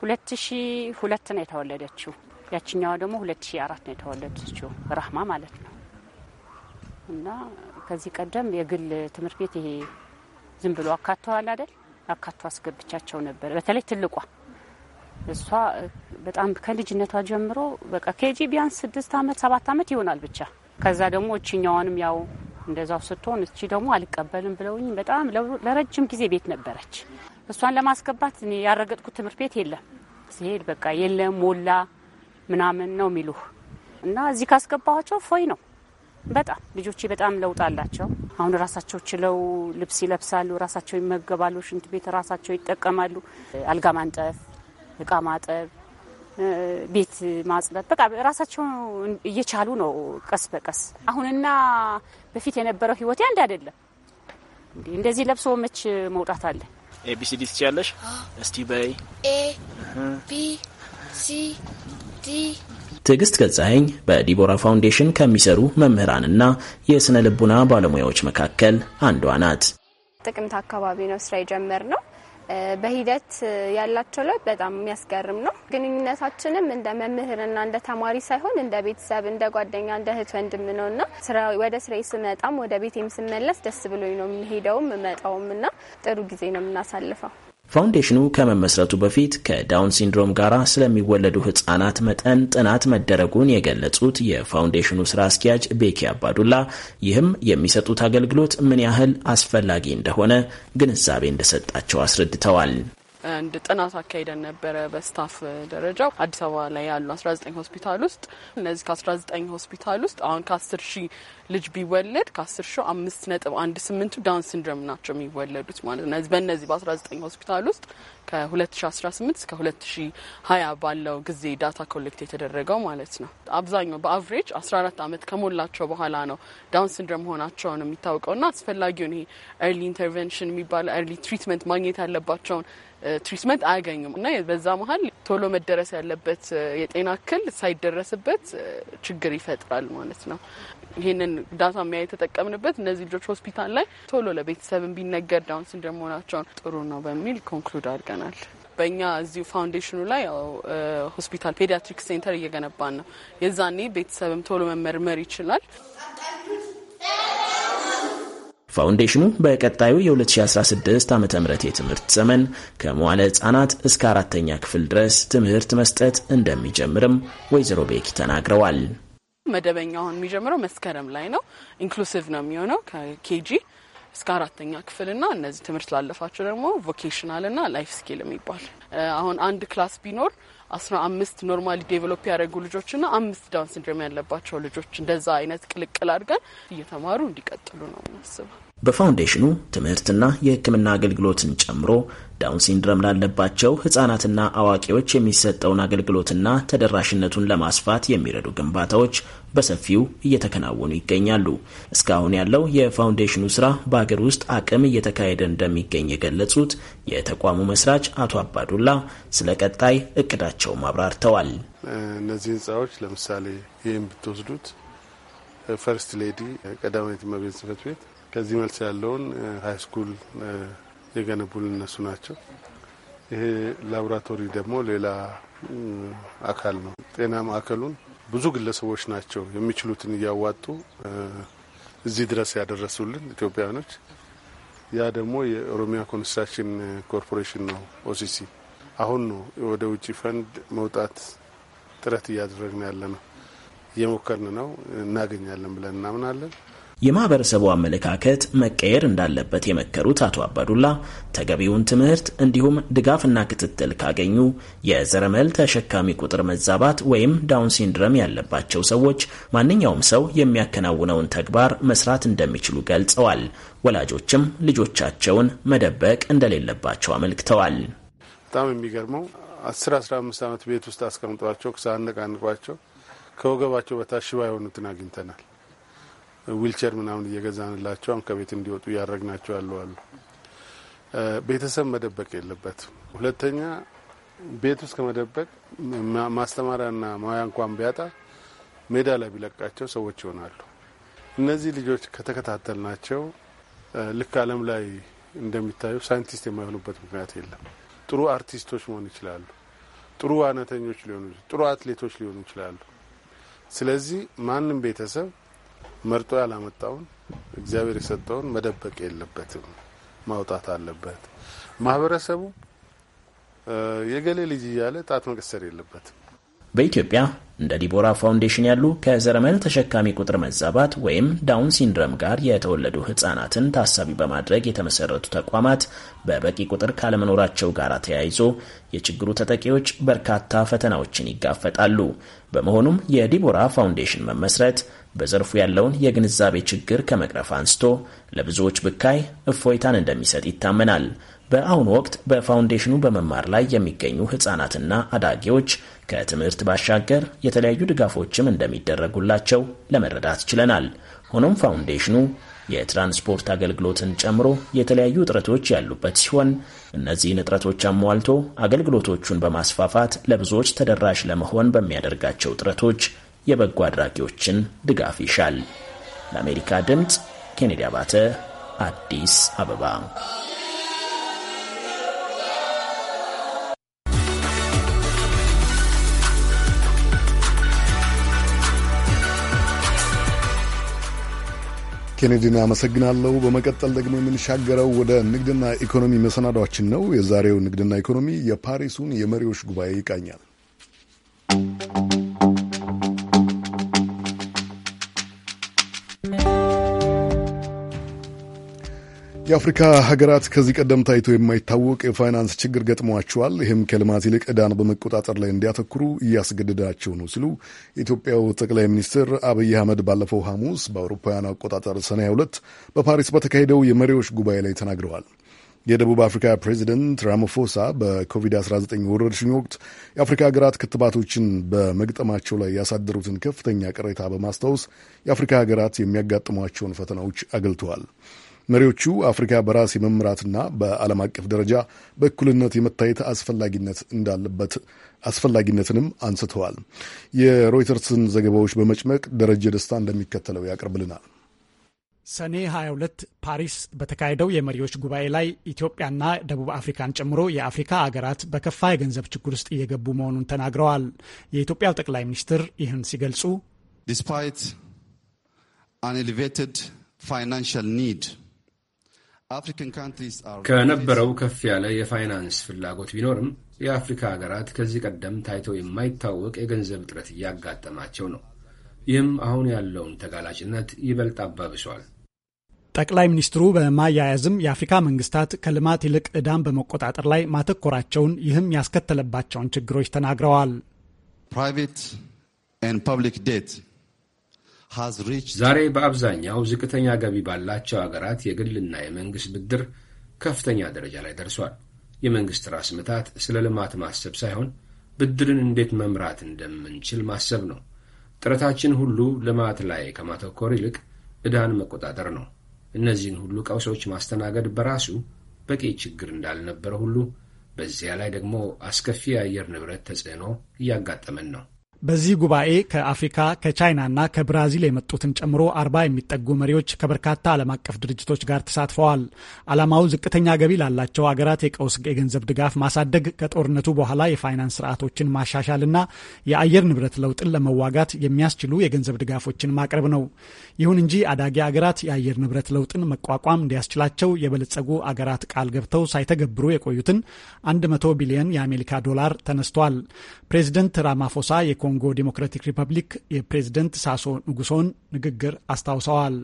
ሁለት ሺ ሁለት ነው የተወለደችው። ያችኛዋ ደግሞ ሁለት ሺ አራት ነው የተወለደችው ራህማ ማለት ነው እና ከዚህ ቀደም የግል ትምህርት ቤት ይሄ ዝም ብሎ አካተዋል አይደል? አካቶ አስገብቻቸው ነበር። በተለይ ትልቋ እሷ በጣም ከልጅነቷ ጀምሮ በቃ ኬጂ ቢያንስ ስድስት አመት ሰባት አመት ይሆናል ብቻ። ከዛ ደግሞ እችኛዋንም ያው እንደዛው ስትሆን እቺ ደግሞ አልቀበልም ብለውኝ በጣም ለረጅም ጊዜ ቤት ነበረች። እሷን ለማስገባት እኔ ያረገጥኩት ትምህርት ቤት የለም። ሲሄድ በቃ የለም ሞላ ምናምን ነው የሚሉህ እና እዚህ ካስገባኋቸው ፎይ ነው። በጣም ልጆቼ በጣም ለውጥ አላቸው። አሁን ራሳቸው ችለው ልብስ ይለብሳሉ፣ ራሳቸው ይመገባሉ፣ ሽንት ቤት ራሳቸው ይጠቀማሉ፣ አልጋ ማንጠፍ፣ እቃ ማጠብ ቤት ማጽዳት፣ በቃ ራሳቸው እየቻሉ ነው ቀስ በቀስ አሁንና በፊት የነበረው ህይወቴ አንድ አይደለም። እንደዚህ ለብሶ መች መውጣት አለ። ኤቢሲዲ ትችያለሽ? እስቲ በይ ኤቢሲዲ ትዕግስት ገጻኸኝ በዲቦራ ፋውንዴሽን ከሚሰሩ መምህራንና የሥነ ልቡና ባለሙያዎች መካከል አንዷ ናት። ጥቅምት አካባቢ ነው ስራ ነው። በሂደት ያላቸው ለውጥ በጣም የሚያስገርም ነው። ግንኙነታችንም እንደ መምህርና እንደ ተማሪ ሳይሆን እንደ ቤተሰብ፣ እንደ ጓደኛ፣ እንደ እህት ወንድም ነው እና ወደ ስራ ስመጣም ወደ ቤቴም ስመለስ ደስ ብሎኝ ነው የምሄደውም እመጣውም እና ጥሩ ጊዜ ነው የምናሳልፈው። ፋውንዴሽኑ ከመመስረቱ በፊት ከዳውን ሲንድሮም ጋር ስለሚወለዱ ህጻናት መጠን ጥናት መደረጉን የገለጹት የፋውንዴሽኑ ስራ አስኪያጅ ቤኪ አባዱላ ይህም የሚሰጡት አገልግሎት ምን ያህል አስፈላጊ እንደሆነ ግንዛቤ እንደሰጣቸው አስረድተዋል። አንድ ጥናት አካሄደን ነበረ። በስታፍ ደረጃ አዲስ አበባ ላይ ያሉ አስራ ዘጠኝ ሆስፒታል ውስጥ እነዚህ ከአስራ ዘጠኝ ሆስፒታል ውስጥ አሁን ከአስር ሺህ ልጅ ቢወለድ ከአስር ሺ አምስት ነጥብ አንድ ስምንቱ ዳውን ሲንድሮም ናቸው የሚወለዱት ማለት ነው። በእነዚህ በ19 ሆስፒታል ውስጥ ከ2018 እስከ 2020 ባለው ጊዜ ዳታ ኮሌክት የተደረገው ማለት ነው። አብዛኛው በአቭሬጅ 14 ዓመት ከሞላቸው በኋላ ነው ዳውን ሲንድሮም መሆናቸውን የሚታወቀው ና አስፈላጊውን ይሄ ኤርሊ ኢንተርቨንሽን የሚባለው ኤርሊ ትሪትመንት ማግኘት ያለባቸውን ትሪትመንት አያገኙም እና በዛ መሀል ቶሎ መደረስ ያለበት የጤና እክል ሳይደረስበት ችግር ይፈጥራል ማለት ነው። ይህንን ዳታ ሚያ የተጠቀምንበት እነዚህ ልጆች ሆስፒታል ላይ ቶሎ ለቤተሰብ ቢነገር ዳውን ሲንድሮም መሆናቸውን ጥሩ ነው በሚል ኮንክሉድ አድርገናል። በእኛ እዚሁ ፋውንዴሽኑ ላይ ያው ሆስፒታል ፔዲያትሪክ ሴንተር እየገነባን ነው። የዛኔ ቤተሰብም ቶሎ መመርመር ይችላል። ፋውንዴሽኑ በቀጣዩ የ2016 ዓ ም የትምህርት ዘመን ከመዋለ ህጻናት እስከ አራተኛ ክፍል ድረስ ትምህርት መስጠት እንደሚጀምርም ወይዘሮ ቤኪ ተናግረዋል። መደበኛ አሁን የሚጀምረው መስከረም ላይ ነው። ኢንክሉሲቭ ነው የሚሆነው ከኬጂ እስከ አራተኛ ና እነዚህ ትምህርት ላለፋቸው ደግሞ ቮኬሽናልና ላይፍ ስኪል የሚባል አሁን አንድ ክላስ ቢኖር አስራ አምስት ኖርማሊ ዴቨሎፕ ያደረጉ ልጆችና አምስት ዳውን ሲንድሮም ያለባቸው ልጆች እንደዛ አይነት ቅልቅል አድርገን እየተማሩ እንዲቀጥሉ ነው የምናስበው። በፋውንዴሽኑ ትምህርትና የሕክምና አገልግሎትን ጨምሮ ዳውን ሲንድረም ላለባቸው ህጻናትና አዋቂዎች የሚሰጠውን አገልግሎትና ተደራሽነቱን ለማስፋት የሚረዱ ግንባታዎች በሰፊው እየተከናወኑ ይገኛሉ። እስካሁን ያለው የፋውንዴሽኑ ስራ በአገር ውስጥ አቅም እየተካሄደ እንደሚገኝ የገለጹት የተቋሙ መስራች አቶ አባዱላ ስለ ቀጣይ እቅዳቸው አብራርተዋል። እነዚህ ህንፃዎች ለምሳሌ ይህም ብትወስዱት ፈርስት ሌዲ ቀዳማዊት እመቤት ጽሕፈት ቤት ከዚህ መልስ ያለውን ሃይስኩል የገነቡል እነሱ ናቸው። ይሄ ላቦራቶሪ ደግሞ ሌላ አካል ነው። ጤና ማዕከሉን ብዙ ግለሰቦች ናቸው የሚችሉትን እያዋጡ እዚህ ድረስ ያደረሱልን ኢትዮጵያውያኖች። ያ ደግሞ የኦሮሚያ ኮንስትራክሽን ኮርፖሬሽን ነው ኦሲሲ። አሁን ነው ወደ ውጭ ፈንድ መውጣት ጥረት እያደረግን ያለ ነው። እየሞከርን ነው። እናገኛለን ብለን እናምናለን። የማህበረሰቡ አመለካከት መቀየር እንዳለበት የመከሩት አቶ አባዱላ ተገቢውን ትምህርት እንዲሁም ድጋፍና ክትትል ካገኙ የዘረመል ተሸካሚ ቁጥር መዛባት ወይም ዳውን ሲንድረም ያለባቸው ሰዎች ማንኛውም ሰው የሚያከናውነውን ተግባር መስራት እንደሚችሉ ገልጸዋል። ወላጆችም ልጆቻቸውን መደበቅ እንደሌለባቸው አመልክተዋል። በጣም የሚገርመው አስር አስራ አምስት ዓመት ቤት ውስጥ አስቀምጧቸው ሳነቃንቋቸው ከወገባቸው በታች ሽባ የሆኑትን አግኝተናል። ዊልቸር ምናምን እየገዛንላቸው ከቤት እንዲወጡ እያደረግናቸው ያሉ አሉ። ቤተሰብ መደበቅ የለበት። ሁለተኛ ቤት ውስጥ ከመደበቅ ማስተማሪያና ማያ እንኳን ቢያጣ ሜዳ ላይ ቢለቃቸው ሰዎች ይሆናሉ። እነዚህ ልጆች ከተከታተልናቸው ልክ ዓለም ላይ እንደሚታዩ ሳይንቲስት የማይሆኑበት ምክንያት የለም። ጥሩ አርቲስቶች መሆን ይችላሉ። ጥሩ ዋናተኞች ሊሆኑ፣ ጥሩ አትሌቶች ሊሆኑ ይችላሉ። ስለዚህ ማንም ቤተሰብ መርጦ ያላመጣውን እግዚአብሔር የሰጠውን መደበቅ የለበትም፣ ማውጣት አለበት። ማህበረሰቡ የገሌ ልጅ እያለ ጣት መቀሰር የለበትም። በኢትዮጵያ እንደ ዲቦራ ፋውንዴሽን ያሉ ከዘረመል ተሸካሚ ቁጥር መዛባት ወይም ዳውን ሲንድረም ጋር የተወለዱ ህጻናትን ታሳቢ በማድረግ የተመሰረቱ ተቋማት በበቂ ቁጥር ካለመኖራቸው ጋር ተያይዞ የችግሩ ተጠቂዎች በርካታ ፈተናዎችን ይጋፈጣሉ። በመሆኑም የዲቦራ ፋውንዴሽን መመስረት በዘርፉ ያለውን የግንዛቤ ችግር ከመቅረፍ አንስቶ ለብዙዎች ብካይ እፎይታን እንደሚሰጥ ይታመናል። በአሁኑ ወቅት በፋውንዴሽኑ በመማር ላይ የሚገኙ ህጻናትና አዳጊዎች ከትምህርት ባሻገር የተለያዩ ድጋፎችም እንደሚደረጉላቸው ለመረዳት ችለናል። ሆኖም ፋውንዴሽኑ የትራንስፖርት አገልግሎትን ጨምሮ የተለያዩ እጥረቶች ያሉበት ሲሆን እነዚህን እጥረቶች አሟልቶ አገልግሎቶቹን በማስፋፋት ለብዙዎች ተደራሽ ለመሆን በሚያደርጋቸው ጥረቶች የበጎ አድራጊዎችን ድጋፍ ይሻል። ለአሜሪካ ድምፅ ኬኔዲ አባተ አዲስ አበባ። ኬኔዲን አመሰግናለሁ። በመቀጠል ደግሞ የምንሻገረው ወደ ንግድና ኢኮኖሚ መሰናዷችን ነው። የዛሬው ንግድና ኢኮኖሚ የፓሪሱን የመሪዎች ጉባኤ ይቃኛል። የአፍሪካ ሀገራት ከዚህ ቀደም ታይቶ የማይታወቅ የፋይናንስ ችግር ገጥሟቸዋል። ይህም ከልማት ይልቅ ዕዳን በመቆጣጠር ላይ እንዲያተኩሩ እያስገድዳቸው ነው ሲሉ የኢትዮጵያው ጠቅላይ ሚኒስትር አብይ አህመድ ባለፈው ሐሙስ በአውሮፓውያን አቆጣጠር ሰኔ 2 በፓሪስ በተካሄደው የመሪዎች ጉባኤ ላይ ተናግረዋል። የደቡብ አፍሪካ ፕሬዚደንት ራማፎሳ በኮቪድ-19 ወረርሽኝ ወቅት የአፍሪካ ሀገራት ክትባቶችን በመግጠማቸው ላይ ያሳደሩትን ከፍተኛ ቅሬታ በማስታወስ የአፍሪካ ሀገራት የሚያጋጥሟቸውን ፈተናዎች አገልተዋል። መሪዎቹ አፍሪካ በራስ የመምራትና በዓለም አቀፍ ደረጃ በእኩልነት የመታየት አስፈላጊነት እንዳለበት አስፈላጊነትንም አንስተዋል። የሮይተርስን ዘገባዎች በመጭመቅ ደረጀ ደስታ እንደሚከተለው ያቀርብልናል። ሰኔ 22 ፓሪስ በተካሄደው የመሪዎች ጉባኤ ላይ ኢትዮጵያና ደቡብ አፍሪካን ጨምሮ የአፍሪካ አገራት በከፋ የገንዘብ ችግር ውስጥ እየገቡ መሆኑን ተናግረዋል። የኢትዮጵያው ጠቅላይ ሚኒስትር ይህን ሲገልጹ ዲስፓይት አን ኤሌቬትድ ፋይናንሻል ኒድ ከነበረው ከፍ ያለ የፋይናንስ ፍላጎት ቢኖርም የአፍሪካ ሀገራት ከዚህ ቀደም ታይቶ የማይታወቅ የገንዘብ እጥረት እያጋጠማቸው ነው። ይህም አሁን ያለውን ተጋላጭነት ይበልጥ አባብሷል። ጠቅላይ ሚኒስትሩ በማያያዝም የአፍሪካ መንግስታት ከልማት ይልቅ ዕዳን በመቆጣጠር ላይ ማተኮራቸውን ይህም ያስከተለባቸውን ችግሮች ተናግረዋል። ፕራይቬት ኤንድ ፐብሊክ ዴት ዛሬ በአብዛኛው ዝቅተኛ ገቢ ባላቸው አገራት የግልና የመንግሥት ብድር ከፍተኛ ደረጃ ላይ ደርሷል። የመንግሥት ራስ ምታት ስለ ልማት ማሰብ ሳይሆን ብድርን እንዴት መምራት እንደምንችል ማሰብ ነው። ጥረታችን ሁሉ ልማት ላይ ከማተኮር ይልቅ ዕዳን መቆጣጠር ነው። እነዚህን ሁሉ ቀውሶች ማስተናገድ በራሱ በቂ ችግር እንዳልነበረ ሁሉ በዚያ ላይ ደግሞ አስከፊ የአየር ንብረት ተጽዕኖ እያጋጠመን ነው። በዚህ ጉባኤ ከአፍሪካ ከቻይናና ከብራዚል የመጡትን ጨምሮ አርባ የሚጠጉ መሪዎች ከበርካታ ዓለም አቀፍ ድርጅቶች ጋር ተሳትፈዋል። ዓላማው ዝቅተኛ ገቢ ላላቸው አገራት የቀውስ የገንዘብ ድጋፍ ማሳደግ፣ ከጦርነቱ በኋላ የፋይናንስ ስርዓቶችን ማሻሻልና የአየር ንብረት ለውጥን ለመዋጋት የሚያስችሉ የገንዘብ ድጋፎችን ማቅረብ ነው። ይሁን እንጂ አዳጊ አገራት የአየር ንብረት ለውጥን መቋቋም እንዲያስችላቸው የበለጸጉ አገራት ቃል ገብተው ሳይተገብሩ የቆዩትን 100 ቢሊዮን የአሜሪካ ዶላር ተነስቷል። ፕሬዚደንት ራማፎሳ የኮ የኮንጎ ዴሞክራቲክ ሪፐብሊክ የፕሬዝደንት ሳሶ ንጉሶን ንግግር አስታውሰዋል።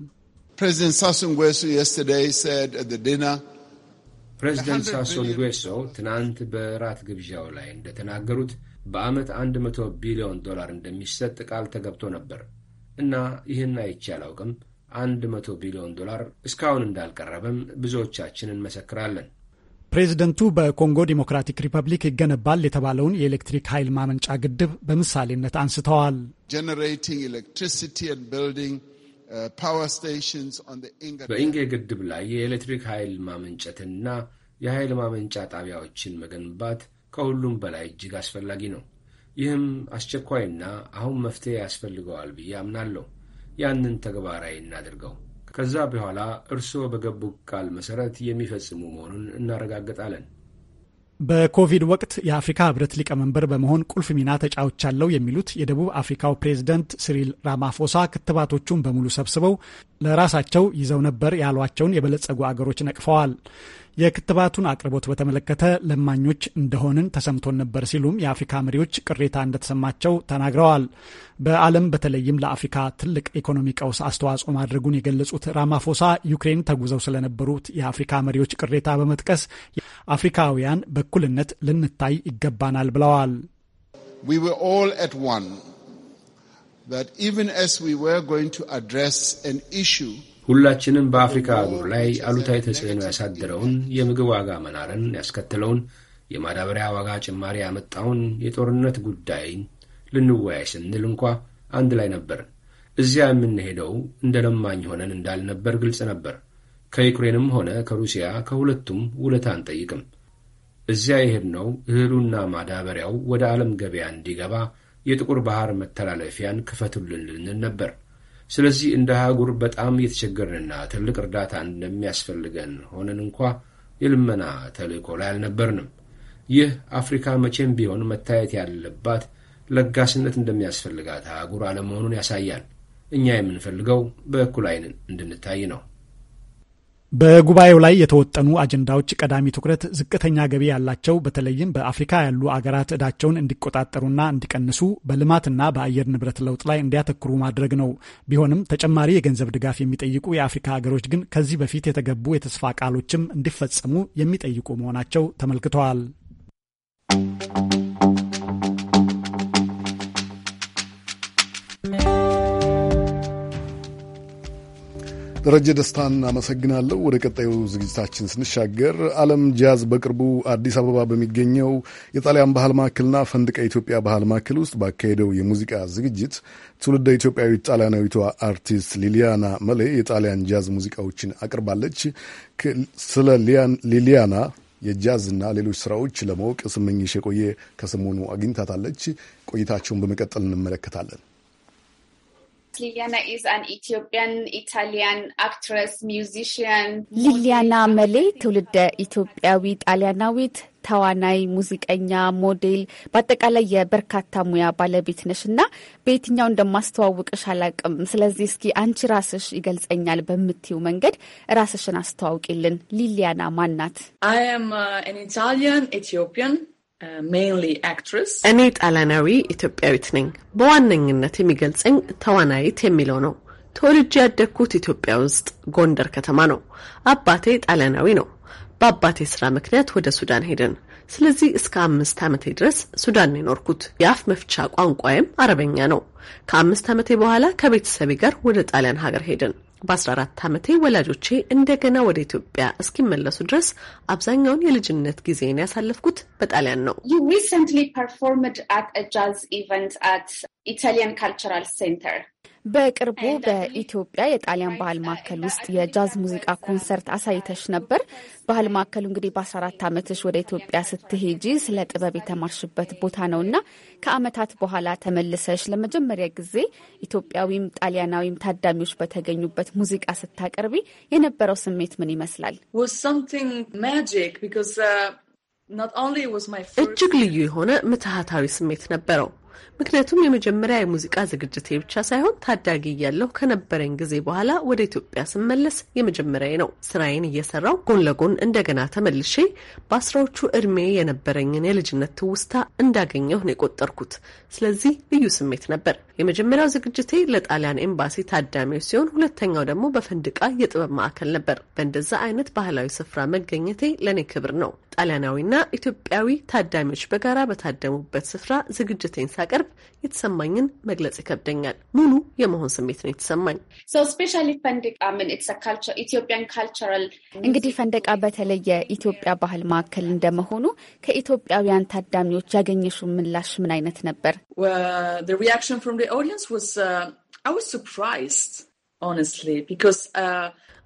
ፕሬዚደንት ሳሶ ንጉሶ ትናንት በራት ግብዣው ላይ እንደተናገሩት በዓመት 100 ቢሊዮን ዶላር እንደሚሰጥ ቃል ተገብቶ ነበር እና ይህን አይቼ አላውቅም። 100 ቢሊዮን ዶላር እስካሁን እንዳልቀረበም ብዙዎቻችን እንመሰክራለን። ፕሬዚደንቱ በኮንጎ ዲሞክራቲክ ሪፐብሊክ ይገነባል የተባለውን የኤሌክትሪክ ኃይል ማመንጫ ግድብ በምሳሌነት አንስተዋል። uh, በኢንጌ ግድብ ላይ የኤሌክትሪክ ኃይል ማመንጨትና የኃይል ማመንጫ ጣቢያዎችን መገንባት ከሁሉም በላይ እጅግ አስፈላጊ ነው። ይህም አስቸኳይና አሁን መፍትሄ ያስፈልገዋል ብዬ አምናለሁ። ያንን ተግባራዊ እናድርገው። ከዛ በኋላ እርስዎ በገቡ ቃል መሰረት የሚፈጽሙ መሆኑን እናረጋግጣለን። በኮቪድ ወቅት የአፍሪካ ህብረት ሊቀመንበር በመሆን ቁልፍ ሚና ተጫውቻለሁ የሚሉት የደቡብ አፍሪካው ፕሬዝደንት ሲሪል ራማፎሳ ክትባቶቹን በሙሉ ሰብስበው ለራሳቸው ይዘው ነበር ያሏቸውን የበለጸጉ አገሮች ነቅፈዋል። የክትባቱን አቅርቦት በተመለከተ ለማኞች እንደሆንን ተሰምቶን ነበር ሲሉም የአፍሪካ መሪዎች ቅሬታ እንደተሰማቸው ተናግረዋል። በዓለም በተለይም ለአፍሪካ ትልቅ ኢኮኖሚ ቀውስ አስተዋጽኦ ማድረጉን የገለጹት ራማፎሳ ዩክሬን ተጉዘው ስለነበሩት የአፍሪካ መሪዎች ቅሬታ በመጥቀስ አፍሪካውያን በእኩልነት ልንታይ ይገባናል ብለዋል። We ሁላችንም በአፍሪካ አህጉር ላይ አሉታዊ ተጽዕኖ ያሳደረውን የምግብ ዋጋ መናርን ያስከተለውን የማዳበሪያ ዋጋ ጭማሪ ያመጣውን የጦርነት ጉዳይን ልንወያይ ስንል እንኳ አንድ ላይ ነበር። እዚያ የምንሄደው እንደ ለማኝ ሆነን እንዳልነበር ግልጽ ነበር። ከዩክሬንም ሆነ ከሩሲያ ከሁለቱም ውለታ አንጠይቅም። እዚያ የሄድነው እህሉና ማዳበሪያው ወደ ዓለም ገበያ እንዲገባ የጥቁር ባህር መተላለፊያን ክፈቱልን ልንል ነበር። ስለዚህ እንደ አህጉር በጣም እየተቸገርንና ትልቅ እርዳታ እንደሚያስፈልገን ሆነን እንኳ የልመና ተልእኮ ላይ አልነበርንም። ይህ አፍሪካ መቼም ቢሆን መታየት ያለባት ለጋስነት እንደሚያስፈልጋት አህጉር አለመሆኑን ያሳያል። እኛ የምንፈልገው በእኩል ዓይን እንድንታይ ነው። በጉባኤው ላይ የተወጠኑ አጀንዳዎች ቀዳሚ ትኩረት ዝቅተኛ ገቢ ያላቸው በተለይም በአፍሪካ ያሉ አገራት እዳቸውን እንዲቆጣጠሩና እንዲቀንሱ በልማትና በአየር ንብረት ለውጥ ላይ እንዲያተኩሩ ማድረግ ነው። ቢሆንም ተጨማሪ የገንዘብ ድጋፍ የሚጠይቁ የአፍሪካ ሀገሮች ግን ከዚህ በፊት የተገቡ የተስፋ ቃሎችም እንዲፈጸሙ የሚጠይቁ መሆናቸው ተመልክተዋል። ደረጀ ደስታን አመሰግናለሁ። ወደ ቀጣዩ ዝግጅታችን ስንሻገር ዓለም ጃዝ በቅርቡ አዲስ አበባ በሚገኘው የጣሊያን ባህል ማዕከልና ፈንድቃ ኢትዮጵያ ባህል ማዕከል ውስጥ ባካሄደው የሙዚቃ ዝግጅት ትውልደ ኢትዮጵያዊት ጣሊያናዊቷ አርቲስት ሊሊያና መሌ የጣሊያን ጃዝ ሙዚቃዎችን አቅርባለች። ስለ ሊሊያና የጃዝና ሌሎች ስራዎች ለማወቅ ስመኝሽ የቆየ ከሰሞኑ አግኝታታለች። ቆይታቸውን በመቀጠል እንመለከታለን። Liliana is an Ethiopian Italian actress, musician. ሊሊያና መሌ ትውልደ ኢትዮጵያዊ ጣሊያናዊት ተዋናይ፣ ሙዚቀኛ፣ ሞዴል በአጠቃላይ የበርካታ ሙያ ባለቤት ነሽ እና በየትኛው እንደማስተዋውቅሽ አላቅም። ስለዚህ እስኪ አንቺ ራስሽ ይገልጸኛል በምትይው መንገድ ራስሽን አስተዋውቂልን። ሊሊያና ማን ናት? አይ አም ኢታሊያን ኢትዮጵያን Uh, እኔ ጣሊያናዊ ኢትዮጵያዊት ነኝ። በዋነኝነት የሚገልጸኝ ተዋናይት የሚለው ነው። ተወልጄ ያደግኩት ኢትዮጵያ ውስጥ ጎንደር ከተማ ነው። አባቴ ጣሊያናዊ ነው። በአባቴ ስራ ምክንያት ወደ ሱዳን ሄደን፣ ስለዚህ እስከ አምስት ዓመቴ ድረስ ሱዳን ነው የኖርኩት። የአፍ መፍቻ ቋንቋዬም አረበኛ ነው። ከአምስት ዓመቴ በኋላ ከቤተሰቤ ጋር ወደ ጣሊያን ሀገር ሄደን በ14 ዓመቴ ወላጆቼ እንደገና ወደ ኢትዮጵያ እስኪመለሱ ድረስ አብዛኛውን የልጅነት ጊዜን ያሳለፍኩት በጣሊያን ነው። ሪሰንትሊ ፐርፎርምድ አት ጃዝ ኢቨንት አት ኢታሊያን ካልቸራል ሴንተር በቅርቡ uh, በኢትዮጵያ የጣሊያን ባህል uh, ማዕከል ውስጥ የጃዝ ሙዚቃ uh, ኮንሰርት አሳይተሽ ነበር። ባህል ማዕከሉ እንግዲህ በ14 ዓመትሽ ወደ ኢትዮጵያ ስትሄጂ ስለ ጥበብ የተማርሽበት ቦታ ነው እና ከአመታት በኋላ ተመልሰሽ ለመጀመሪያ ጊዜ ኢትዮጵያዊም ጣሊያናዊም ታዳሚዎች በተገኙበት ሙዚቃ ስታቀርቢ የነበረው ስሜት ምን ይመስላል? እጅግ ልዩ የሆነ ምትሃታዊ ስሜት ነበረው። ምክንያቱም የመጀመሪያ የሙዚቃ ዝግጅቴ ብቻ ሳይሆን ታዳጊ እያለሁ ከነበረኝ ጊዜ በኋላ ወደ ኢትዮጵያ ስመለስ የመጀመሪያ ነው። ስራዬን እየሰራው ጎን ለጎን እንደገና ተመልሼ በአስራዎቹ እድሜ የነበረኝን የልጅነት ትውስታ እንዳገኘሁ ነው የቆጠርኩት። ስለዚህ ልዩ ስሜት ነበር። የመጀመሪያው ዝግጅቴ ለጣሊያን ኤምባሲ ታዳሚዎች ሲሆን ሁለተኛው ደግሞ በፈንድቃ የጥበብ ማዕከል ነበር። በእንደዛ አይነት ባህላዊ ስፍራ መገኘቴ ለእኔ ክብር ነው። ጣሊያናዊና ኢትዮጵያዊ ታዳሚዎች በጋራ በታደሙበት ስፍራ ዝግጅቴን ሳ ሳቀርብ የተሰማኝን መግለጽ ይከብደኛል። ሙሉ የመሆን ስሜት ነው የተሰማኝ። እንግዲህ ፈንደቃ በተለይ የኢትዮጵያ ባህል ማዕከል እንደመሆኑ ከኢትዮጵያውያን ታዳሚዎች ያገኘሽው ምላሽ ምን አይነት ነበር? ሪያክሽን ፍሮም ኦዲየንስ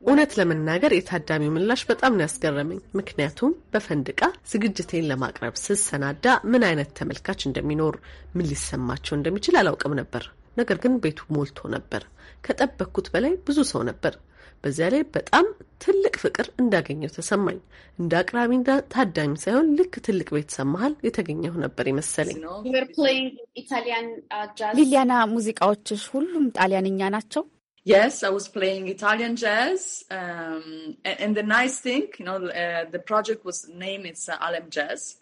እውነት ለመናገር የታዳሚው ምላሽ በጣም ነው ያስገረመኝ። ምክንያቱም በፈንድቃ ዝግጅቴን ለማቅረብ ስሰናዳ ምን አይነት ተመልካች እንደሚኖር ምን ሊሰማቸው እንደሚችል አላውቅም ነበር። ነገር ግን ቤቱ ሞልቶ ነበር። ከጠበቅኩት በላይ ብዙ ሰው ነበር። በዚያ ላይ በጣም ትልቅ ፍቅር እንዳገኘው ተሰማኝ። እንደ አቅራቢ ታዳሚ ሳይሆን ልክ ትልቅ ቤተሰብ መሀል የተገኘው ነበር የመሰለኝ። uh, ሊሊያና፣ ሙዚቃዎችሽ ሁሉም ጣሊያንኛ ናቸው? Yes, I was playing Italian jazz, um, and, and, the nice thing, you know, uh, the project was named it's uh, Alem Jazz.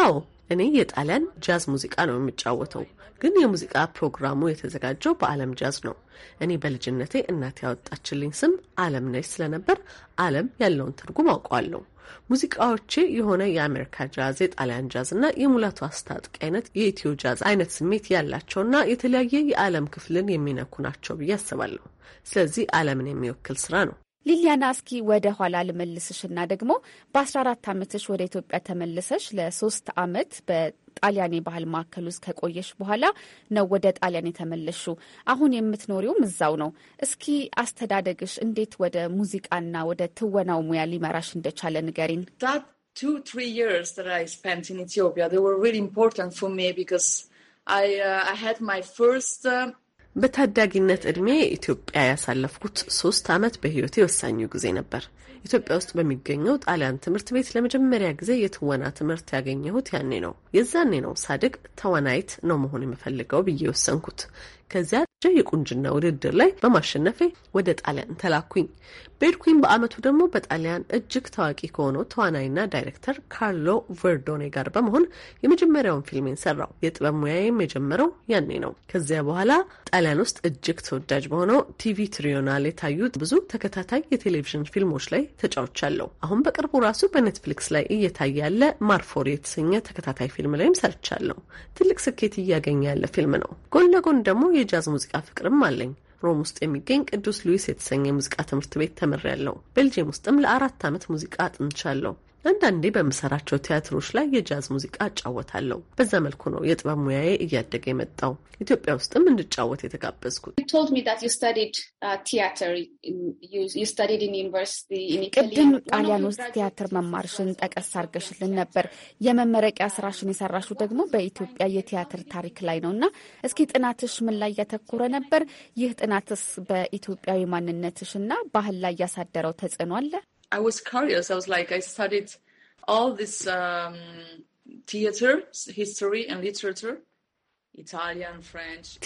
አዎ እኔ የጣሊያን ጃዝ ሙዚቃ ነው የምጫወተው፣ ግን የሙዚቃ ፕሮግራሙ የተዘጋጀው በዓለም ጃዝ ነው። እኔ በልጅነቴ እናቴ ያወጣችልኝ ስም ዓለም ነች ስለነበር ዓለም ያለውን ትርጉም አውቀዋለሁ። ሙዚቃዎቼ የሆነ የአሜሪካ ጃዝ፣ የጣሊያን ጃዝ እና የሙላቱ አስታጥቅ አይነት የኢትዮ ጃዝ አይነት ስሜት ያላቸውና የተለያየ የዓለም ክፍልን የሚነኩ ናቸው ብዬ አስባለሁ። ስለዚህ ዓለምን የሚወክል ስራ ነው። ሊሊያና፣ እስኪ ወደ ኋላ ልመልስሽና ደግሞ በ14 ዓመትሽ ወደ ኢትዮጵያ ተመልሰሽ ለሶስት ዓመት በጣሊያን የባህል ማዕከል ውስጥ ከቆየሽ በኋላ ነው ወደ ጣሊያን የተመለሹ። አሁን የምትኖሪውም እዛው ነው። እስኪ አስተዳደግሽ እንዴት ወደ ሙዚቃና ወደ ትወናው ሙያ ሊመራሽ እንደቻለ ንገሪን። two three years that I spent in Ethiopia they were really important for me because I uh, I had my first uh, በታዳጊነት እድሜ ኢትዮጵያ ያሳለፍኩት ሶስት ዓመት በህይወቴ ወሳኙ ጊዜ ነበር። ኢትዮጵያ ውስጥ በሚገኘው ጣሊያን ትምህርት ቤት ለመጀመሪያ ጊዜ የትወና ትምህርት ያገኘሁት ያኔ ነው። የዛኔ ነው ሳድግ ተዋናይት ነው መሆን የምፈልገው ብዬ የወሰንኩት። ከዚያ የቁንጅና ውድድር ላይ በማሸነፌ ወደ ጣሊያን ተላኩኝ። ቤድኩዊን በዓመቱ ደግሞ በጣሊያን እጅግ ታዋቂ ከሆነው ተዋናይና ዳይሬክተር ካርሎ ቨርዶኔ ጋር በመሆን የመጀመሪያውን ፊልሜን ሰራው። የጥበብ ሙያዬም የጀመረው ያኔ ነው። ከዚያ በኋላ ጣሊያን ውስጥ እጅግ ተወዳጅ በሆነው ቲቪ ትሪዮናል የታዩት ብዙ ተከታታይ የቴሌቪዥን ፊልሞች ላይ ተጫውቻለሁ። አሁን በቅርቡ ራሱ በኔትፍሊክስ ላይ እየታየ ያለ ማርፎር የተሰኘ ተከታታይ ፊልም ላይም ሰርቻለሁ። ትልቅ ስኬት እያገኘ ያለ ፊልም ነው። ጎን ለጎን ደግሞ የጃዝ ሙዚቃ ፍቅርም አለኝ። ሮም ውስጥ የሚገኝ ቅዱስ ሉዊስ የተሰኘ የሙዚቃ ትምህርት ቤት ተምሬያለሁ። ቤልጅየም ውስጥም ለአራት ዓመት ሙዚቃ አጥንቻለሁ። አንዳንዴ በምሰራቸው ቲያትሮች ላይ የጃዝ ሙዚቃ እጫወታለሁ። በዛ መልኩ ነው የጥበብ ሙያዬ እያደገ የመጣው። ኢትዮጵያ ውስጥም እንድጫወት የተጋበዝኩት። uh, ቅድም ጣሊያን ውስጥ ቲያትር መማርሽን ጠቀስ አርገሽልን ነበር። የመመረቂያ ስራሽን የሰራሹ ደግሞ በኢትዮጵያ የቲያትር ታሪክ ላይ ነው እና እስኪ ጥናትሽ ምን ላይ ያተኮረ ነበር? ይህ ጥናትስ በኢትዮጵያዊ ማንነትሽ እና ባህል ላይ ያሳደረው ተጽዕኖ አለ? I was curious. I was like, I studied all this um, theater, history and literature.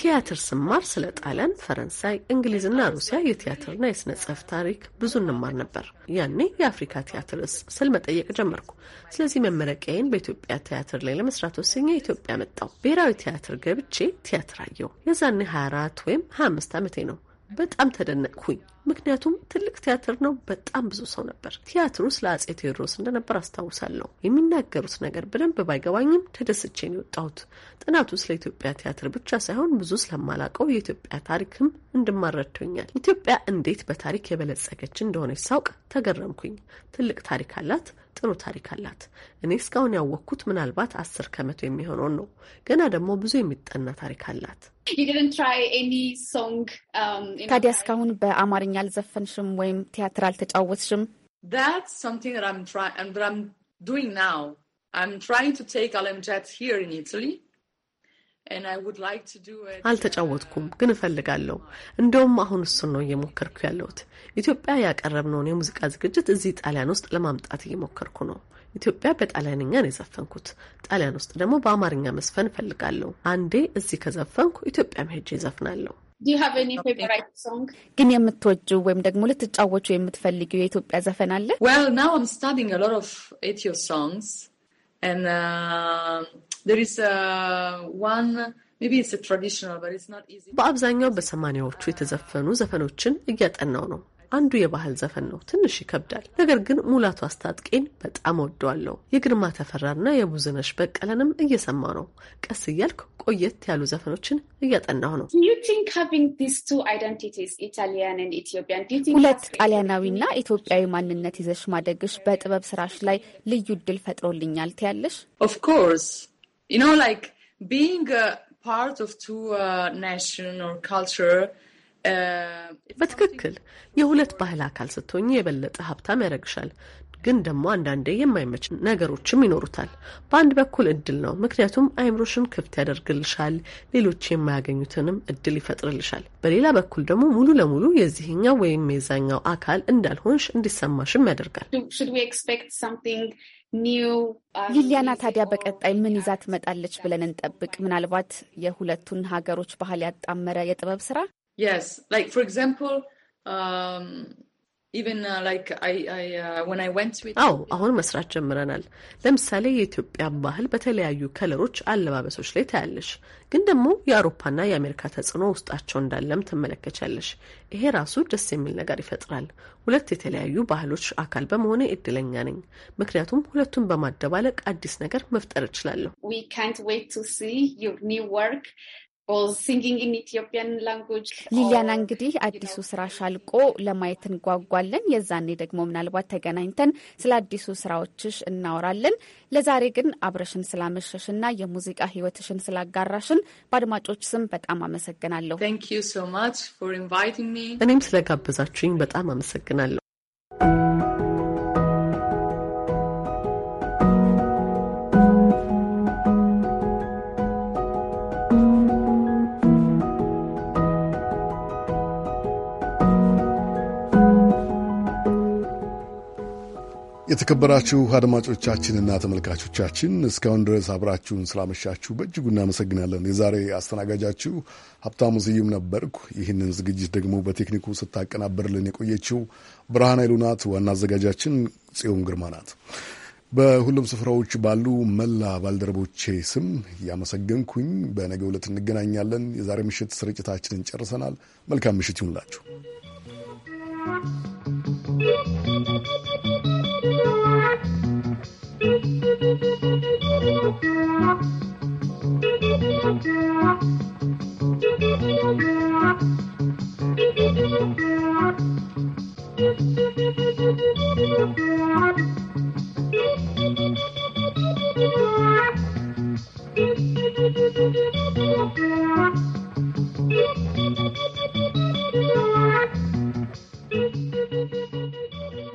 ቲያትር ስማር ስለ ጣሊያን፣ ፈረንሳይ፣ እንግሊዝና ሩሲያ የቲያትርና የስነ ጽሑፍ ታሪክ ብዙ እንማር ነበር። ያኔ የአፍሪካ ቲያትር ስል መጠየቅ ጀመርኩ። ስለዚህ መመረቂያዬን በኢትዮጵያ ቲያትር ላይ ለመስራት ወስኜ ኢትዮጵያ መጣው ብሔራዊ ቲያትር ገብቼ ቲያትር አየው። የዛኔ 24 ወይም 25 ዓመቴ ነው። በጣም ተደነቅኩኝ። ምክንያቱም ትልቅ ቲያትር ነው። በጣም ብዙ ሰው ነበር። ቲያትሩ ስለ አጼ ቴዎድሮስ እንደነበር አስታውሳለሁ። የሚናገሩት ነገር በደንብ ባይገባኝም ተደስቼን የወጣሁት ጥናቱ ስለ ኢትዮጵያ ቲያትር ብቻ ሳይሆን ብዙ ስለማላቀው የኢትዮጵያ ታሪክም እንድማረድቶኛል። ኢትዮጵያ እንዴት በታሪክ የበለጸገች እንደሆነች ሳውቅ ተገረምኩኝ። ትልቅ ታሪክ አላት። ጥሩ ታሪክ አላት። እኔ እስካሁን ያወቅኩት ምናልባት አስር ከመቶ የሚሆነውን ነው። ገና ደግሞ ብዙ የሚጠና ታሪክ አላት። Um, ታዲያ እስካሁን በአማርኛ አልዘፈንሽም ወይም ቲያትር አልተጫወትሽም? Uh, አልተጫወትኩም፣ ግን እፈልጋለሁ። እንደውም አሁን እሱን ነው እየሞከርኩ ያለሁት። ኢትዮጵያ ያቀረብነውን የሙዚቃ ዝግጅት እዚህ ጣሊያን ውስጥ ለማምጣት እየሞከርኩ ነው። ኢትዮጵያ በጣሊያንኛ ነው የዘፈንኩት። ጣሊያን ውስጥ ደግሞ በአማርኛ መስፈን እፈልጋለሁ። አንዴ እዚህ ከዘፈንኩ ኢትዮጵያ መሄጄ እዘፍናለሁ። ግን የምትወጂው ወይም ደግሞ ልትጫወቹ የምትፈልጊው የኢትዮጵያ ዘፈን አለ? በአብዛኛው በሰማኒያዎቹ የተዘፈኑ ዘፈኖችን እያጠናው ነው። አንዱ የባህል ዘፈን ነው። ትንሽ ይከብዳል። ነገር ግን ሙላቱ አስታጥቄን በጣም ወደዋለሁ። የግርማ ተፈራና የቡዝነሽ በቀለንም እየሰማ ነው። ቀስ እያልኩ ቆየት ያሉ ዘፈኖችን እያጠናሁ ነው። ሁለት ጣሊያናዊና ኢትዮጵያዊ ማንነት ይዘሽ ማደግሽ በጥበብ ስራሽ ላይ ልዩ እድል ፈጥሮልኛል ትያለሽ? ኦፍኮርስ ዩ ላይክ ፓርት ኦፍ ቱ ናሽን ኦር ካልቸር በትክክል የሁለት ባህል አካል ስትሆኝ የበለጠ ሀብታም ያደርግሻል። ግን ደግሞ አንዳንዴ የማይመች ነገሮችም ይኖሩታል። በአንድ በኩል እድል ነው፣ ምክንያቱም አይምሮሽን ክፍት ያደርግልሻል፣ ሌሎች የማያገኙትንም እድል ይፈጥርልሻል። በሌላ በኩል ደግሞ ሙሉ ለሙሉ የዚህኛው ወይም የዛኛው አካል እንዳልሆንሽ እንዲሰማሽም ያደርጋል። ሊሊያና ታዲያ በቀጣይ ምን ይዛ ትመጣለች ብለን እንጠብቅ? ምናልባት የሁለቱን ሀገሮች ባህል ያጣመረ የጥበብ ስራ Yes, like for example, um, even uh, like I, I, uh, when I went to አዎ አሁን መስራት ጀምረናል። ለምሳሌ የኢትዮጵያ ባህል በተለያዩ ከለሮች አለባበሶች ላይ ታያለሽ፣ ግን ደግሞ የአውሮፓና የአሜሪካ ተጽዕኖ ውስጣቸው እንዳለም ትመለከቻለሽ። ይሄ ራሱ ደስ የሚል ነገር ይፈጥራል። ሁለት የተለያዩ ባህሎች አካል በመሆነ እድለኛ ነኝ፣ ምክንያቱም ሁለቱን በማደባለቅ አዲስ ነገር መፍጠር እችላለሁ። ሊሊያና እንግዲህ አዲሱ ስራ ሻልቆ ለማየት እንጓጓለን። የዛኔ ደግሞ ምናልባት ተገናኝተን ስለ አዲሱ ስራዎችሽ እናወራለን። ለዛሬ ግን አብረሽን ስላመሸሽና የሙዚቃ ህይወትሽን ስላጋራሽን በአድማጮች ስም በጣም አመሰግናለሁ። እኔም ስለጋበዛችሁኝ በጣም አመሰግናለሁ። የተከበራችሁ አድማጮቻችንና ተመልካቾቻችን እስካሁን ድረስ አብራችሁን ስላመሻችሁ በእጅጉ እናመሰግናለን። የዛሬ አስተናጋጃችሁ ሀብታሙ ስዩም ነበርኩ። ይህንን ዝግጅት ደግሞ በቴክኒኩ ስታቀናበርልን የቆየችው ብርሃን ኃይሉ ናት። ዋና አዘጋጃችን ጽዮን ግርማ ናት። በሁሉም ስፍራዎች ባሉ መላ ባልደረቦቼ ስም እያመሰገንኩኝ በነገ ዕለት እንገናኛለን። የዛሬ ምሽት ስርጭታችንን ጨርሰናል። መልካም ምሽት ይሁንላችሁ። Thank you.